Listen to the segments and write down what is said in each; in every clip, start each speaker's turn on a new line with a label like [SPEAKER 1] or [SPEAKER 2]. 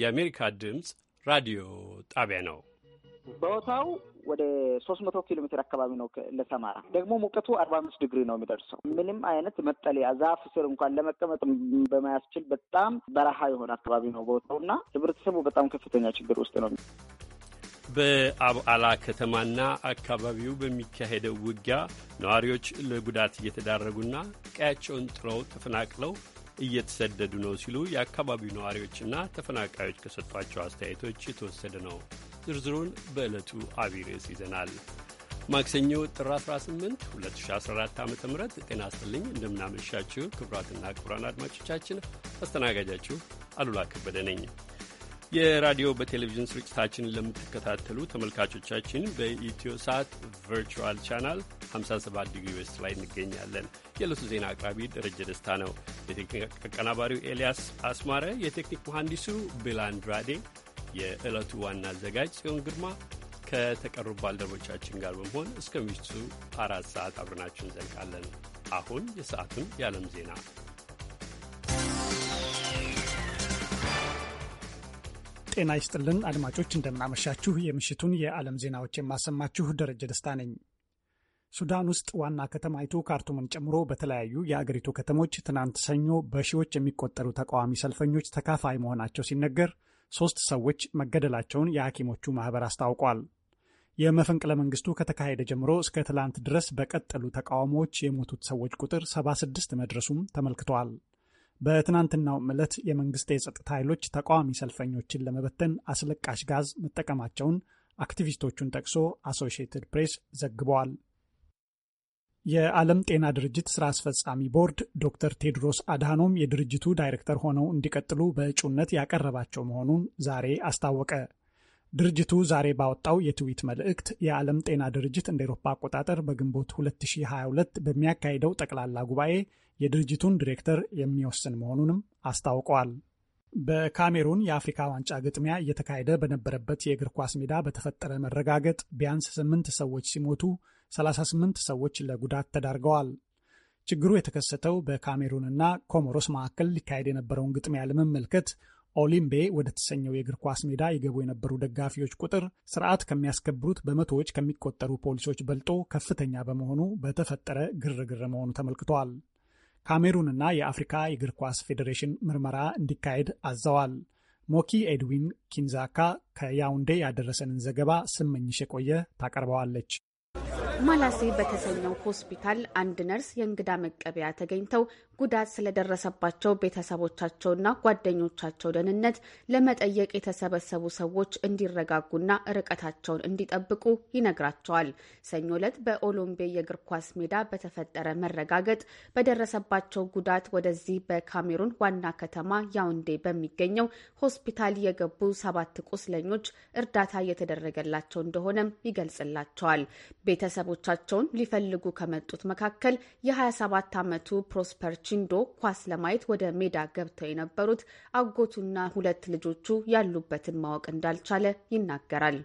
[SPEAKER 1] የአሜሪካ ድምፅ ራዲዮ ጣቢያ ነው።
[SPEAKER 2] ቦታው ወደ ሶስት መቶ ኪሎ ሜትር አካባቢ ነው ለሰማራ። ደግሞ ሙቀቱ አርባ አምስት ዲግሪ ነው የሚደርሰው። ምንም አይነት መጠለያ ዛፍ ስር እንኳን ለመቀመጥ በማያስችል በጣም በረሃ የሆነ አካባቢ ነው ቦታው እና ህብረተሰቡ በጣም ከፍተኛ ችግር ውስጥ ነው።
[SPEAKER 1] በአብዓላ ከተማና አካባቢው በሚካሄደው ውጊያ ነዋሪዎች ለጉዳት እየተዳረጉና ቀያቸውን ጥለው ተፈናቅለው እየተሰደዱ ነው ሲሉ የአካባቢው ነዋሪዎችና ተፈናቃዮች ከሰጧቸው አስተያየቶች የተወሰደ ነው። ዝርዝሩን በዕለቱ አብይ ርዕስ ይዘናል። ማክሰኞ ጥር 18 2014 ዓ ም ጤና ይስጥልኝ። እንደምናመሻችሁ ክቡራትና ክቡራን አድማጮቻችን አስተናጋጃችሁ አሉላ ከበደ ነኝ። የራዲዮ በቴሌቪዥን ስርጭታችንን ለምትከታተሉ ተመልካቾቻችን በኢትዮ ሳት ቨርቹዋል ቻናል 57 ዲግሪ ዌስት ላይ እንገኛለን። የዕለቱ ዜና አቅራቢ ደረጀ ደስታ ነው። የቴክኒክ አቀናባሪው ኤልያስ አስማረ፣ የቴክኒክ መሐንዲሱ ቢል የዕለቱ ዋና አዘጋጅ ጽዮን ግርማ ከተቀሩ ባልደረቦቻችን ጋር በመሆን እስከ ምሽቱ አራት ሰዓት አብረናችሁ እንዘልቃለን። አሁን የሰዓቱን የዓለም ዜና
[SPEAKER 3] ጤና ይስጥልን አድማጮች፣ እንደምናመሻችሁ። የምሽቱን የዓለም ዜናዎች የማሰማችሁ ደረጀ ደስታ ነኝ። ሱዳን ውስጥ ዋና ከተማይቱ ካርቱምን ጨምሮ በተለያዩ የአገሪቱ ከተሞች ትናንት ሰኞ በሺዎች የሚቆጠሩ ተቃዋሚ ሰልፈኞች ተካፋይ መሆናቸው ሲነገር ሦስት ሰዎች መገደላቸውን የሐኪሞቹ ማኅበር አስታውቋል። የመፈንቅለ መንግስቱ ከተካሄደ ጀምሮ እስከ ትላንት ድረስ በቀጠሉ ተቃውሞዎች የሞቱት ሰዎች ቁጥር 76 መድረሱም ተመልክቷል። በትናንትናው ዕለት የመንግስት የጸጥታ ኃይሎች ተቃዋሚ ሰልፈኞችን ለመበተን አስለቃሽ ጋዝ መጠቀማቸውን አክቲቪስቶቹን ጠቅሶ አሶሺየትድ ፕሬስ ዘግበዋል። የዓለም ጤና ድርጅት ስራ አስፈጻሚ ቦርድ ዶክተር ቴድሮስ አድሃኖም የድርጅቱ ዳይሬክተር ሆነው እንዲቀጥሉ በእጩነት ያቀረባቸው መሆኑን ዛሬ አስታወቀ። ድርጅቱ ዛሬ ባወጣው የትዊት መልእክት የዓለም ጤና ድርጅት እንደ ኤሮፓ አቆጣጠር በግንቦት 2022 በሚያካሂደው ጠቅላላ ጉባኤ የድርጅቱን ዲሬክተር የሚወስን መሆኑንም አስታውቀዋል። በካሜሩን የአፍሪካ ዋንጫ ግጥሚያ እየተካሄደ በነበረበት የእግር ኳስ ሜዳ በተፈጠረ መረጋገጥ ቢያንስ ስምንት ሰዎች ሲሞቱ 38 ሰዎች ለጉዳት ተዳርገዋል። ችግሩ የተከሰተው በካሜሩንና ኮሞሮስ መካከል ሊካሄድ የነበረውን ግጥሚያ ለመመልከት ኦሊምቤ ወደ ተሰኘው የእግር ኳስ ሜዳ የገቡ የነበሩ ደጋፊዎች ቁጥር ስርዓት ከሚያስከብሩት በመቶዎች ከሚቆጠሩ ፖሊሶች በልጦ ከፍተኛ በመሆኑ በተፈጠረ ግርግር መሆኑ ተመልክቷል። ካሜሩንና የአፍሪካ የእግር ኳስ ፌዴሬሽን ምርመራ እንዲካሄድ አዘዋል። ሞኪ ኤድዊን ኪንዛካ ከያውንዴ ያደረሰንን ዘገባ ስመኝሽ የቆየ ታቀርበዋለች።
[SPEAKER 4] ማላሴ በተሰኘው ሆስፒታል አንድ ነርስ የእንግዳ መቀበያ ተገኝተው ጉዳት ስለደረሰባቸው ቤተሰቦቻቸውና ጓደኞቻቸው ደህንነት ለመጠየቅ የተሰበሰቡ ሰዎች እንዲረጋጉና ርቀታቸውን እንዲጠብቁ ይነግራቸዋል። ሰኞ ዕለት በኦሎምቤ የእግር ኳስ ሜዳ በተፈጠረ መረጋገጥ በደረሰባቸው ጉዳት ወደዚህ በካሜሩን ዋና ከተማ ያውንዴ በሚገኘው ሆስፒታል የገቡ ሰባት ቁስለኞች እርዳታ እየተደረገላቸው እንደሆነም ይገልጽላቸዋል። ቤተሰቦቻቸውን ሊፈልጉ ከመጡት መካከል የ27 ዓመቱ ፕሮስፐር ቺንዶ ኳስ ለማየት ወደ ሜዳ ገብተው የነበሩት አጎቱና ሁለት ልጆቹ ያሉበትን ማወቅ እንዳልቻለ ይናገራል።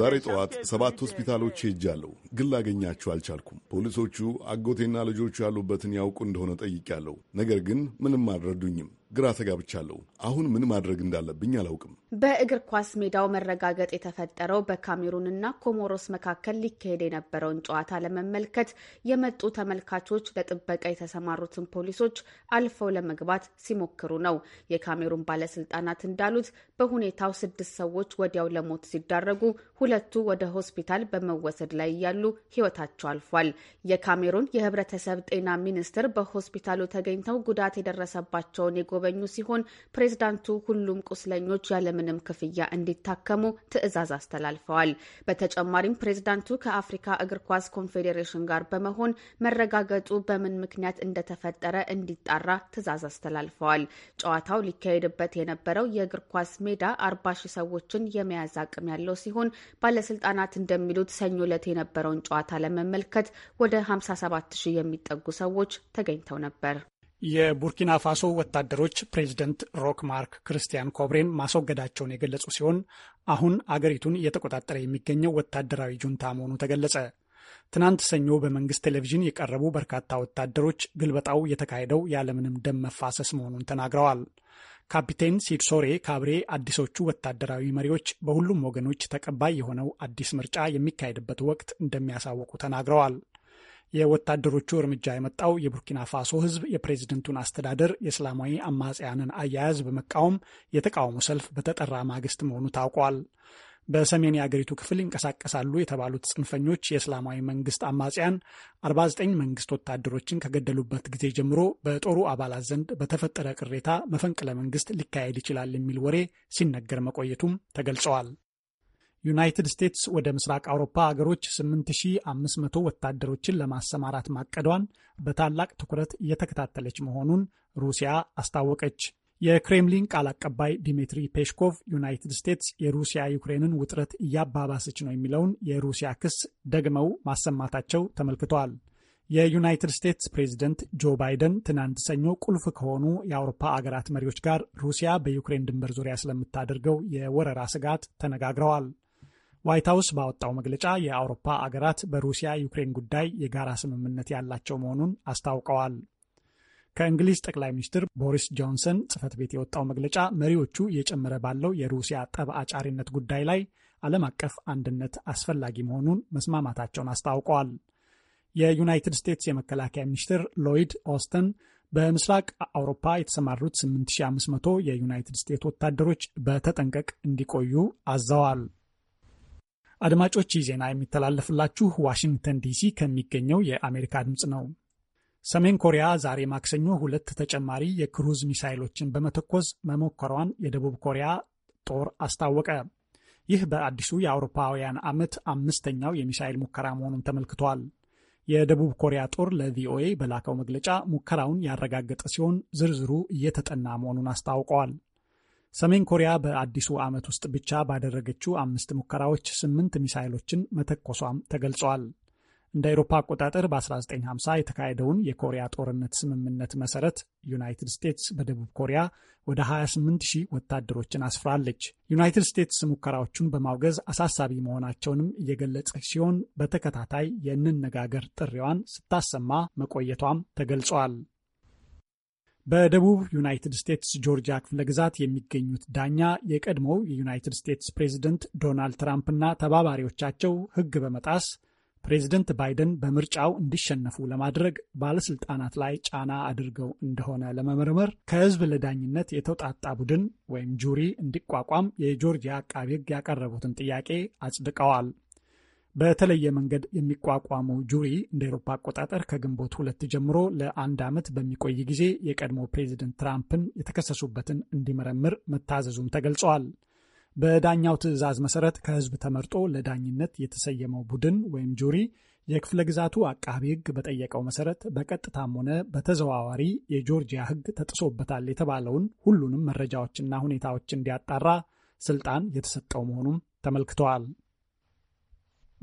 [SPEAKER 5] ዛሬ ጠዋት ሰባት ሆስፒታሎች ሄጃለሁ፣ ግን ላገኛችሁ አልቻልኩም። ፖሊሶቹ አጎቴና ልጆቹ ያሉበትን ያውቁ እንደሆነ ጠይቄያለሁ፣ ነገር ግን ምንም አልረዱኝም። ግራ ተጋብቻለሁ። አሁን ምን ማድረግ እንዳለብኝ አላውቅም።
[SPEAKER 4] በእግር ኳስ ሜዳው መረጋገጥ የተፈጠረው በካሜሩንና ኮሞሮስ መካከል ሊካሄድ የነበረውን ጨዋታ ለመመልከት የመጡ ተመልካቾች ለጥበቃ የተሰማሩትን ፖሊሶች አልፈው ለመግባት ሲሞክሩ ነው። የካሜሩን ባለስልጣናት እንዳሉት በሁኔታው ስድስት ሰዎች ወዲያው ለሞት ሲዳረጉ ሁለቱ ወደ ሆስፒታል በመወሰድ ላይ እያሉ ሕይወታቸው አልፏል። የካሜሩን የህብረተሰብ ጤና ሚኒስትር በሆስፒታሉ ተገኝተው ጉዳት የደረሰባቸውን የጎበኙ ሲሆን ፕሬዝዳንቱ ሁሉም ቁስለኞች ያለምንም ክፍያ እንዲታከሙ ትዕዛዝ አስተላልፈዋል። በተጨማሪም ፕሬዝዳንቱ ከአፍሪካ እግር ኳስ ኮንፌዴሬሽን ጋር በመሆን መረጋገጡ በምን ምክንያት እንደተፈጠረ እንዲጣራ ትዕዛዝ አስተላልፈዋል። ጨዋታው ሊካሄድበት የነበረው የእግር ኳስ ሜዳ አርባ ሺህ ሰዎችን የመያዝ አቅም ያለው ሲሆን ባለስልጣናት እንደሚሉት ሰኞ ዕለት የነበረውን ጨዋታ ለመመልከት ወደ 57 ሺህ የሚጠጉ ሰዎች ተገኝተው ነበር።
[SPEAKER 3] የቡርኪና ፋሶ ወታደሮች ፕሬዚደንት ሮክ ማርክ ክርስቲያን ኮብሬን ማስወገዳቸውን የገለጹ ሲሆን አሁን አገሪቱን እየተቆጣጠረ የሚገኘው ወታደራዊ ጁንታ መሆኑ ተገለጸ። ትናንት ሰኞ በመንግስት ቴሌቪዥን የቀረቡ በርካታ ወታደሮች ግልበጣው የተካሄደው ያለምንም ደም መፋሰስ መሆኑን ተናግረዋል። ካፒቴን ሲድሶሬ ካብሬ አዲሶቹ ወታደራዊ መሪዎች በሁሉም ወገኖች ተቀባይ የሆነው አዲስ ምርጫ የሚካሄድበት ወቅት እንደሚያሳውቁ ተናግረዋል። የወታደሮቹ እርምጃ የመጣው የቡርኪና ፋሶ ሕዝብ የፕሬዝደንቱን አስተዳደር የእስላማዊ አማጽያንን አያያዝ በመቃወም የተቃውሞ ሰልፍ በተጠራ ማግስት መሆኑ ታውቋል። በሰሜን የአገሪቱ ክፍል ይንቀሳቀሳሉ የተባሉት ጽንፈኞች የእስላማዊ መንግስት አማጽያን 49 መንግስት ወታደሮችን ከገደሉበት ጊዜ ጀምሮ በጦሩ አባላት ዘንድ በተፈጠረ ቅሬታ መፈንቅለ መንግስት ሊካሄድ ይችላል የሚል ወሬ ሲነገር መቆየቱም ተገልጸዋል። ዩናይትድ ስቴትስ ወደ ምስራቅ አውሮፓ አገሮች 8500 ወታደሮችን ለማሰማራት ማቀዷን በታላቅ ትኩረት እየተከታተለች መሆኑን ሩሲያ አስታወቀች። የክሬምሊን ቃል አቀባይ ዲሚትሪ ፔሽኮቭ ዩናይትድ ስቴትስ የሩሲያ ዩክሬንን ውጥረት እያባባሰች ነው የሚለውን የሩሲያ ክስ ደግመው ማሰማታቸው ተመልክተዋል። የዩናይትድ ስቴትስ ፕሬዚደንት ጆ ባይደን ትናንት ሰኞ ቁልፍ ከሆኑ የአውሮፓ አገራት መሪዎች ጋር ሩሲያ በዩክሬን ድንበር ዙሪያ ስለምታደርገው የወረራ ስጋት ተነጋግረዋል። ዋይት ሀውስ ባወጣው መግለጫ የአውሮፓ አገራት በሩሲያ ዩክሬን ጉዳይ የጋራ ስምምነት ያላቸው መሆኑን አስታውቀዋል። ከእንግሊዝ ጠቅላይ ሚኒስትር ቦሪስ ጆንሰን ጽህፈት ቤት የወጣው መግለጫ መሪዎቹ እየጨመረ ባለው የሩሲያ ጠብ አጫሪነት ጉዳይ ላይ ዓለም አቀፍ አንድነት አስፈላጊ መሆኑን መስማማታቸውን አስታውቀዋል። የዩናይትድ ስቴትስ የመከላከያ ሚኒስትር ሎይድ ኦስተን በምስራቅ አውሮፓ የተሰማሩት 8500 የዩናይትድ ስቴትስ ወታደሮች በተጠንቀቅ እንዲቆዩ አዘዋል። አድማጮች ይህ ዜና የሚተላለፍላችሁ ዋሽንግተን ዲሲ ከሚገኘው የአሜሪካ ድምፅ ነው። ሰሜን ኮሪያ ዛሬ ማክሰኞ ሁለት ተጨማሪ የክሩዝ ሚሳይሎችን በመተኮስ መሞከሯን የደቡብ ኮሪያ ጦር አስታወቀ። ይህ በአዲሱ የአውሮፓውያን ዓመት አምስተኛው የሚሳይል ሙከራ መሆኑን ተመልክቷል። የደቡብ ኮሪያ ጦር ለቪኦኤ በላከው መግለጫ ሙከራውን ያረጋገጠ ሲሆን ዝርዝሩ እየተጠና መሆኑን አስታውቀዋል። ሰሜን ኮሪያ በአዲሱ ዓመት ውስጥ ብቻ ባደረገችው አምስት ሙከራዎች ስምንት ሚሳይሎችን መተኮሷም ተገልጿል። እንደ አውሮፓ አቆጣጠር በ1950 የተካሄደውን የኮሪያ ጦርነት ስምምነት መሰረት ዩናይትድ ስቴትስ በደቡብ ኮሪያ ወደ 28000 ወታደሮችን አስፍራለች። ዩናይትድ ስቴትስ ሙከራዎቹን በማውገዝ አሳሳቢ መሆናቸውንም እየገለጸች ሲሆን በተከታታይ የእንነጋገር ጥሪዋን ስታሰማ መቆየቷም ተገልጿል። በደቡብ ዩናይትድ ስቴትስ ጆርጂያ ክፍለ ግዛት የሚገኙት ዳኛ የቀድሞው የዩናይትድ ስቴትስ ፕሬዚደንት ዶናልድ ትራምፕና ተባባሪዎቻቸው ሕግ በመጣስ ፕሬዝደንት ባይደን በምርጫው እንዲሸነፉ ለማድረግ ባለስልጣናት ላይ ጫና አድርገው እንደሆነ ለመመርመር ከህዝብ ለዳኝነት የተውጣጣ ቡድን ወይም ጁሪ እንዲቋቋም የጆርጂያ አቃቢ ህግ ያቀረቡትን ጥያቄ አጽድቀዋል። በተለየ መንገድ የሚቋቋመው ጁሪ እንደ ኤሮፓ አቆጣጠር ከግንቦት ሁለት ጀምሮ ለአንድ ዓመት በሚቆይ ጊዜ የቀድሞ ፕሬዚደንት ትራምፕን የተከሰሱበትን እንዲመረምር መታዘዙም ተገልጸዋል። በዳኛው ትዕዛዝ መሰረት ከህዝብ ተመርጦ ለዳኝነት የተሰየመው ቡድን ወይም ጁሪ የክፍለ ግዛቱ አቃቢ ህግ በጠየቀው መሰረት በቀጥታም ሆነ በተዘዋዋሪ የጆርጂያ ህግ ተጥሶበታል የተባለውን ሁሉንም መረጃዎችና ሁኔታዎች እንዲያጣራ ስልጣን የተሰጠው መሆኑም ተመልክተዋል።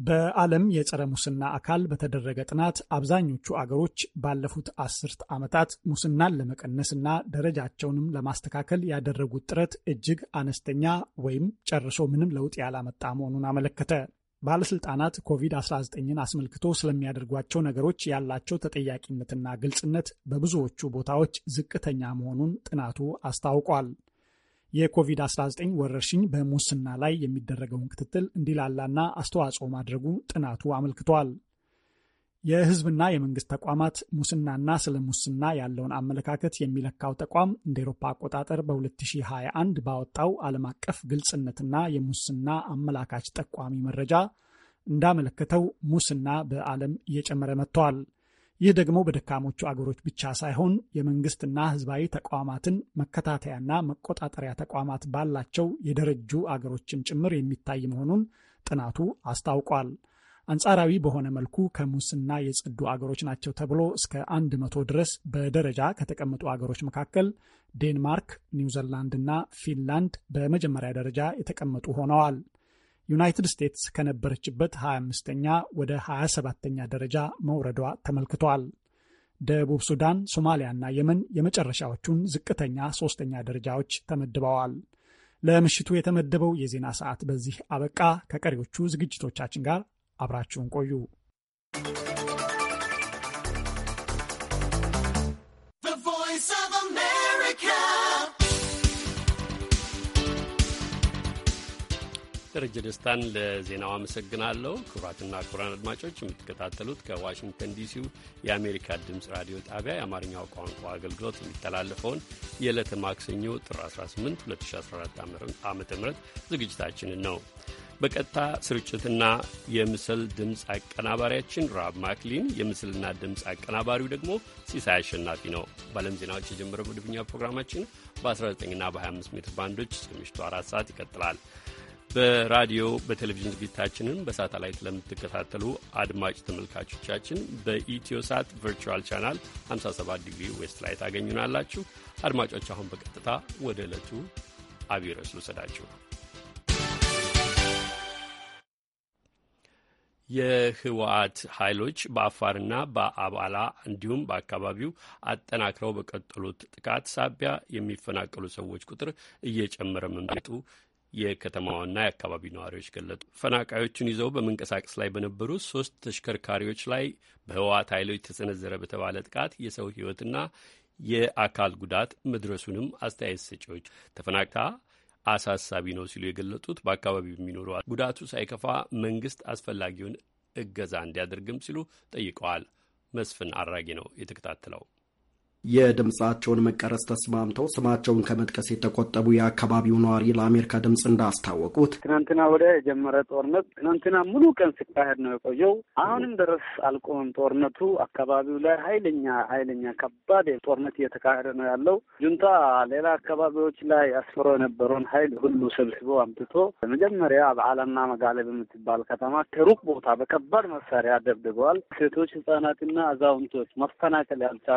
[SPEAKER 3] በዓለም የጸረ ሙስና አካል በተደረገ ጥናት አብዛኞቹ አገሮች ባለፉት አስርት ዓመታት ሙስናን ለመቀነስና ደረጃቸውንም ለማስተካከል ያደረጉት ጥረት እጅግ አነስተኛ ወይም ጨርሶ ምንም ለውጥ ያላመጣ መሆኑን አመለከተ። ባለስልጣናት ኮቪድ-19ን አስመልክቶ ስለሚያደርጓቸው ነገሮች ያላቸው ተጠያቂነትና ግልጽነት በብዙዎቹ ቦታዎች ዝቅተኛ መሆኑን ጥናቱ አስታውቋል። የኮቪድ-19 ወረርሽኝ በሙስና ላይ የሚደረገውን ክትትል እንዲላላና አስተዋጽኦ ማድረጉ ጥናቱ አመልክቷል። የሕዝብና የመንግስት ተቋማት ሙስናና ስለ ሙስና ያለውን አመለካከት የሚለካው ተቋም እንደ ኤሮፓ አቆጣጠር በ2021 ባወጣው ዓለም አቀፍ ግልጽነትና የሙስና አመላካች ጠቋሚ መረጃ እንዳመለከተው ሙስና በዓለም እየጨመረ መጥቷል። ይህ ደግሞ በደካሞቹ አገሮች ብቻ ሳይሆን የመንግስትና ህዝባዊ ተቋማትን መከታተያና መቆጣጠሪያ ተቋማት ባላቸው የደረጁ አገሮችን ጭምር የሚታይ መሆኑን ጥናቱ አስታውቋል። አንጻራዊ በሆነ መልኩ ከሙስና የጸዱ አገሮች ናቸው ተብሎ እስከ አንድ መቶ ድረስ በደረጃ ከተቀመጡ አገሮች መካከል ዴንማርክ፣ እና ፊንላንድ በመጀመሪያ ደረጃ የተቀመጡ ሆነዋል። ዩናይትድ ስቴትስ ከነበረችበት 25ኛ ወደ 27ኛ ደረጃ መውረዷ ተመልክቷል። ደቡብ ሱዳን፣ ሶማሊያና የመን የመጨረሻዎቹን ዝቅተኛ ሶስተኛ ደረጃዎች ተመድበዋል። ለምሽቱ የተመደበው የዜና ሰዓት በዚህ አበቃ። ከቀሪዎቹ ዝግጅቶቻችን ጋር አብራችሁን ቆዩ።
[SPEAKER 1] ደረጀ ደስታን ለዜናው አመሰግናለሁ። ክቡራትና ክቡራን አድማጮች የምትከታተሉት ከዋሽንግተን ዲሲው የአሜሪካ ድምፅ ራዲዮ ጣቢያ የአማርኛው ቋንቋ አገልግሎት የሚተላለፈውን የዕለተ ማክሰኞ ጥር 18 2014 ዓ ም ዝግጅታችንን ነው። በቀጥታ ስርጭትና የምስል ድምፅ አቀናባሪያችን ራብ ማክሊን፣ የምስልና ድምፅ አቀናባሪው ደግሞ ሲሳይ አሸናፊ ነው። በዓለም ዜናዎች የጀመረው መደበኛ ፕሮግራማችን በ19ና በ25 ሜትር ባንዶች እስከ ምሽቱ አራት ሰዓት ይቀጥላል። በራዲዮ በቴሌቪዥን ዝግጅታችንን በሳተላይት ለምትከታተሉ አድማጭ ተመልካቾቻችን በኢትዮ ሳት ቨርቹዋል ቻናል 57 ዲግሪ ዌስት ላይ ታገኙናላችሁ። አድማጮች አሁን በቀጥታ ወደ ዕለቱ አብይ ርዕስ ልውሰዳችሁ። የህወሓት ኃይሎች በአፋርና በአባላ እንዲሁም በአካባቢው አጠናክረው በቀጠሉት ጥቃት ሳቢያ የሚፈናቀሉ ሰዎች ቁጥር እየጨመረ መምጣቱ የከተማዋና የአካባቢው ነዋሪዎች ገለጡ። ፈናቃዮቹን ይዘው በመንቀሳቀስ ላይ በነበሩ ሶስት ተሽከርካሪዎች ላይ በህወሓት ኃይሎች ተሰነዘረ በተባለ ጥቃት የሰው ህይወትና የአካል ጉዳት መድረሱንም አስተያየት ሰጪዎች ተፈናቅታ አሳሳቢ ነው ሲሉ የገለጡት በአካባቢው የሚኖሩ ጉዳቱ ሳይከፋ መንግስት አስፈላጊውን እገዛ እንዲያደርግም ሲሉ ጠይቀዋል። መስፍን አራጌ ነው የተከታተለው።
[SPEAKER 6] የድምፃቸውን መቀረጽ ተስማምተው ስማቸውን ከመጥቀስ የተቆጠቡ የአካባቢው ነዋሪ ለአሜሪካ ድምፅ እንዳስታወቁት
[SPEAKER 7] ትናንትና ወደ የጀመረ ጦርነት ትናንትና ሙሉ ቀን ሲካሄድ ነው የቆየው። አሁንም ድረስ አልቆም ጦርነቱ አካባቢው ላይ ኃይለኛ ኃይለኛ ከባድ ጦርነት እየተካሄደ ነው ያለው። ጁንታ ሌላ አካባቢዎች ላይ አስፍሮ የነበረውን ኃይል ሁሉ ሰብስቦ አምጥቶ መጀመሪያ በዓላና መጋለ በምትባል ከተማ ከሩቅ ቦታ በከባድ መሳሪያ ደብድበዋል። ሴቶች፣ ህጻናትና አዛውንቶች ማፈናቀል ያልቻሉ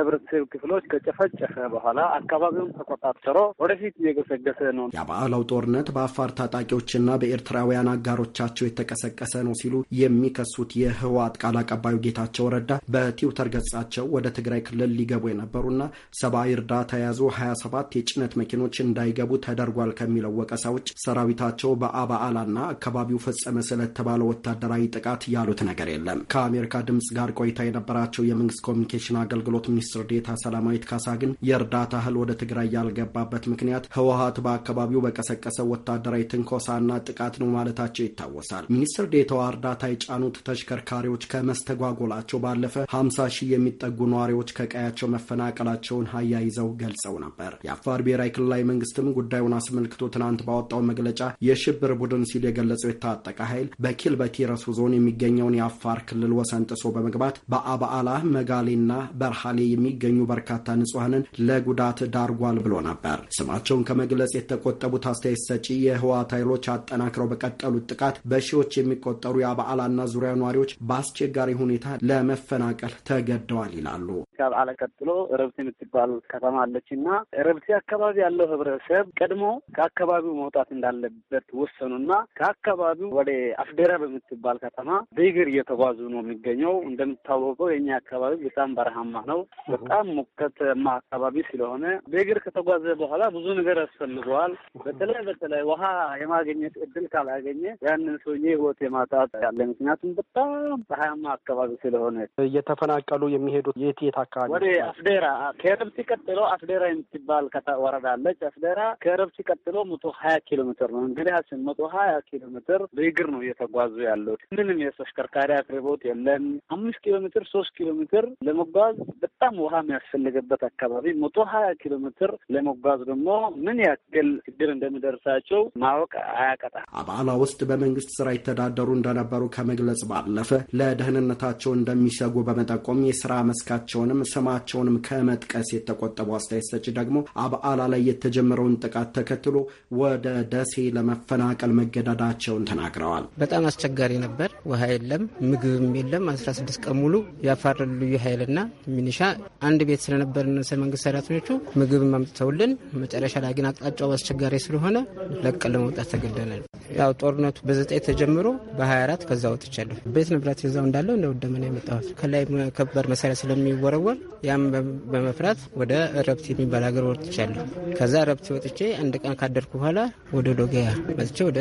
[SPEAKER 7] የህብረተሰብ ክፍሎች ከጨፈጨፈ በኋላ አካባቢውን ተቆጣጠሮ ወደፊት እየገሰገሰ ነው።
[SPEAKER 6] የበዓላው ጦርነት በአፋር ታጣቂዎችና በኤርትራውያን አጋሮቻቸው የተቀሰቀሰ ነው ሲሉ የሚከሱት የህወሓት ቃል አቀባዩ ጌታቸው ረዳ በትዊተር ገጻቸው ወደ ትግራይ ክልል ሊገቡ የነበሩና ሰብአዊ እርዳታ የያዙ 27 የጭነት መኪኖች እንዳይገቡ ተደርጓል ከሚለው ወቀሳ ውጭ ሰራዊታቸው በአባዓላና አካባቢው ፈጸመ ስለተባለ ወታደራዊ ጥቃት ያሉት ነገር የለም። ከአሜሪካ ድምጽ ጋር ቆይታ የነበራቸው የመንግስት ኮሚኒኬሽን አገልግሎት ሚኒስትር ዴታ ሰላማዊት ካሳ ግን የእርዳታ እህል ወደ ትግራይ ያልገባበት ምክንያት ህወሀት በአካባቢው በቀሰቀሰ ወታደራዊ ትንኮሳና ጥቃት ነው ማለታቸው ይታወሳል። ሚኒስትር ዴታዋ እርዳታ የጫኑት ተሽከርካሪዎች ከመስተጓጎላቸው ባለፈ ሀምሳ ሺህ የሚጠጉ ነዋሪዎች ከቀያቸው መፈናቀላቸውን አያይዘው ገልጸው ነበር። የአፋር ብሔራዊ ክልላዊ መንግስትም ጉዳዩን አስመልክቶ ትናንት ባወጣው መግለጫ የሽብር ቡድን ሲል የገለጸው የታጠቀ ኃይል በኪልበቲ ረሱ ዞን የሚገኘውን የአፋር ክልል ወሰን ጥሶ በመግባት በአበአላ መጋሌና በርሃሌ የሚገኙ በርካታ ንጹሐንን ለጉዳት ዳርጓል ብሎ ነበር። ስማቸውን ከመግለጽ የተቆጠቡት አስተያየት ሰጪ የህወሓት ኃይሎች አጠናክረው በቀጠሉት ጥቃት በሺዎች የሚቆጠሩ የአበዓላና ዙሪያ ነዋሪዎች በአስቸጋሪ ሁኔታ ለመፈናቀል ተገደዋል ይላሉ።
[SPEAKER 7] ከበዓላ ቀጥሎ ረብቲ የምትባል ከተማ አለች እና ረብቲ አካባቢ ያለው ህብረተሰብ ቀድሞ ከአካባቢው መውጣት እንዳለበት ወሰኑና ከአካባቢው ወደ አፍዴራ በምትባል ከተማ በእግር እየተጓዙ ነው የሚገኘው። እንደምታወቀው የኛ አካባቢ በጣም በረሃማ ነው። በጣም ሙቀታማ አካባቢ ስለሆነ በእግር ከተጓዘ በኋላ ብዙ ነገር ያስፈልገዋል። በተለይ በተለይ ውሃ የማግኘት እድል ካላገኘ ያንን ሰውዬ ህይወት የማጣት ያለ ምክንያቱም በጣም ፀሐያማ አካባቢ ስለሆነ
[SPEAKER 6] እየተፈናቀሉ የሚሄዱት የት የት አካባቢ ወደ
[SPEAKER 7] አፍዴራ ከረብቲ ቀጥሎ አፍዴራ የምትባል ወረዳ አለች። አፍዴራ ከረብቲ ቀጥሎ መቶ ሀያ ኪሎ ሜትር ነው እንግዲህ ስን መቶ ሀያ ኪሎ ሜትር በእግር ነው እየተጓዙ ያሉት። ምንም የተሽከርካሪ አቅርቦት የለን። አምስት ኪሎ ሜትር ሶስት ኪሎ ሜትር ለመጓዝ በጣም በጣም ውሃ የሚያስፈልግበት አካባቢ መቶ ሀያ ኪሎ ሜትር ለመጓዝ ደግሞ ምን ያክል ችግር እንደሚደርሳቸው ማወቅ አያቀጣ
[SPEAKER 6] አባላ ውስጥ በመንግስት ስራ ይተዳደሩ እንደነበሩ ከመግለጽ ባለፈ ለደህንነታቸው እንደሚሰጉ በመጠቆም የስራ መስካቸውንም ስማቸውንም ከመጥቀስ የተቆጠቡ አስተያየት ሰጪ ደግሞ አባላ ላይ የተጀመረውን ጥቃት ተከትሎ ወደ ደሴ ለመፈናቀል መገዳዳቸውን ተናግረዋል።
[SPEAKER 2] በጣም አስቸጋሪ ነበር። ውሃ የለም፣ ምግብም የለም። አስራ ቀን ሙሉ የአፋር ልዩ ኃይልና ሚኒሻ አንድ ቤት ስለነበርን መንግስት ሰራተኞቹ ምግብ አምጥተውልን መጨረሻ ላይ ግን አቅጣጫው አስቸጋሪ ስለሆነ ለቀን ለመውጣት ተገደናል። ያው ጦርነቱ በዘጠኝ ተጀምሮ በ24 ከዛ ወጥቻለሁ። ቤት ንብረት የዛው እንዳለው እንደ ወደመን የመጣሁት። ከላይ ከባድ መሳሪያ ስለሚወረወር ያም በመፍራት ወደ ረብት የሚባል ሀገር ወጥቻለሁ። ከዛ ረብት ወጥቼ አንድ ቀን ካደርኩ በኋላ ወደ ዶገያ መጥቼ ወደ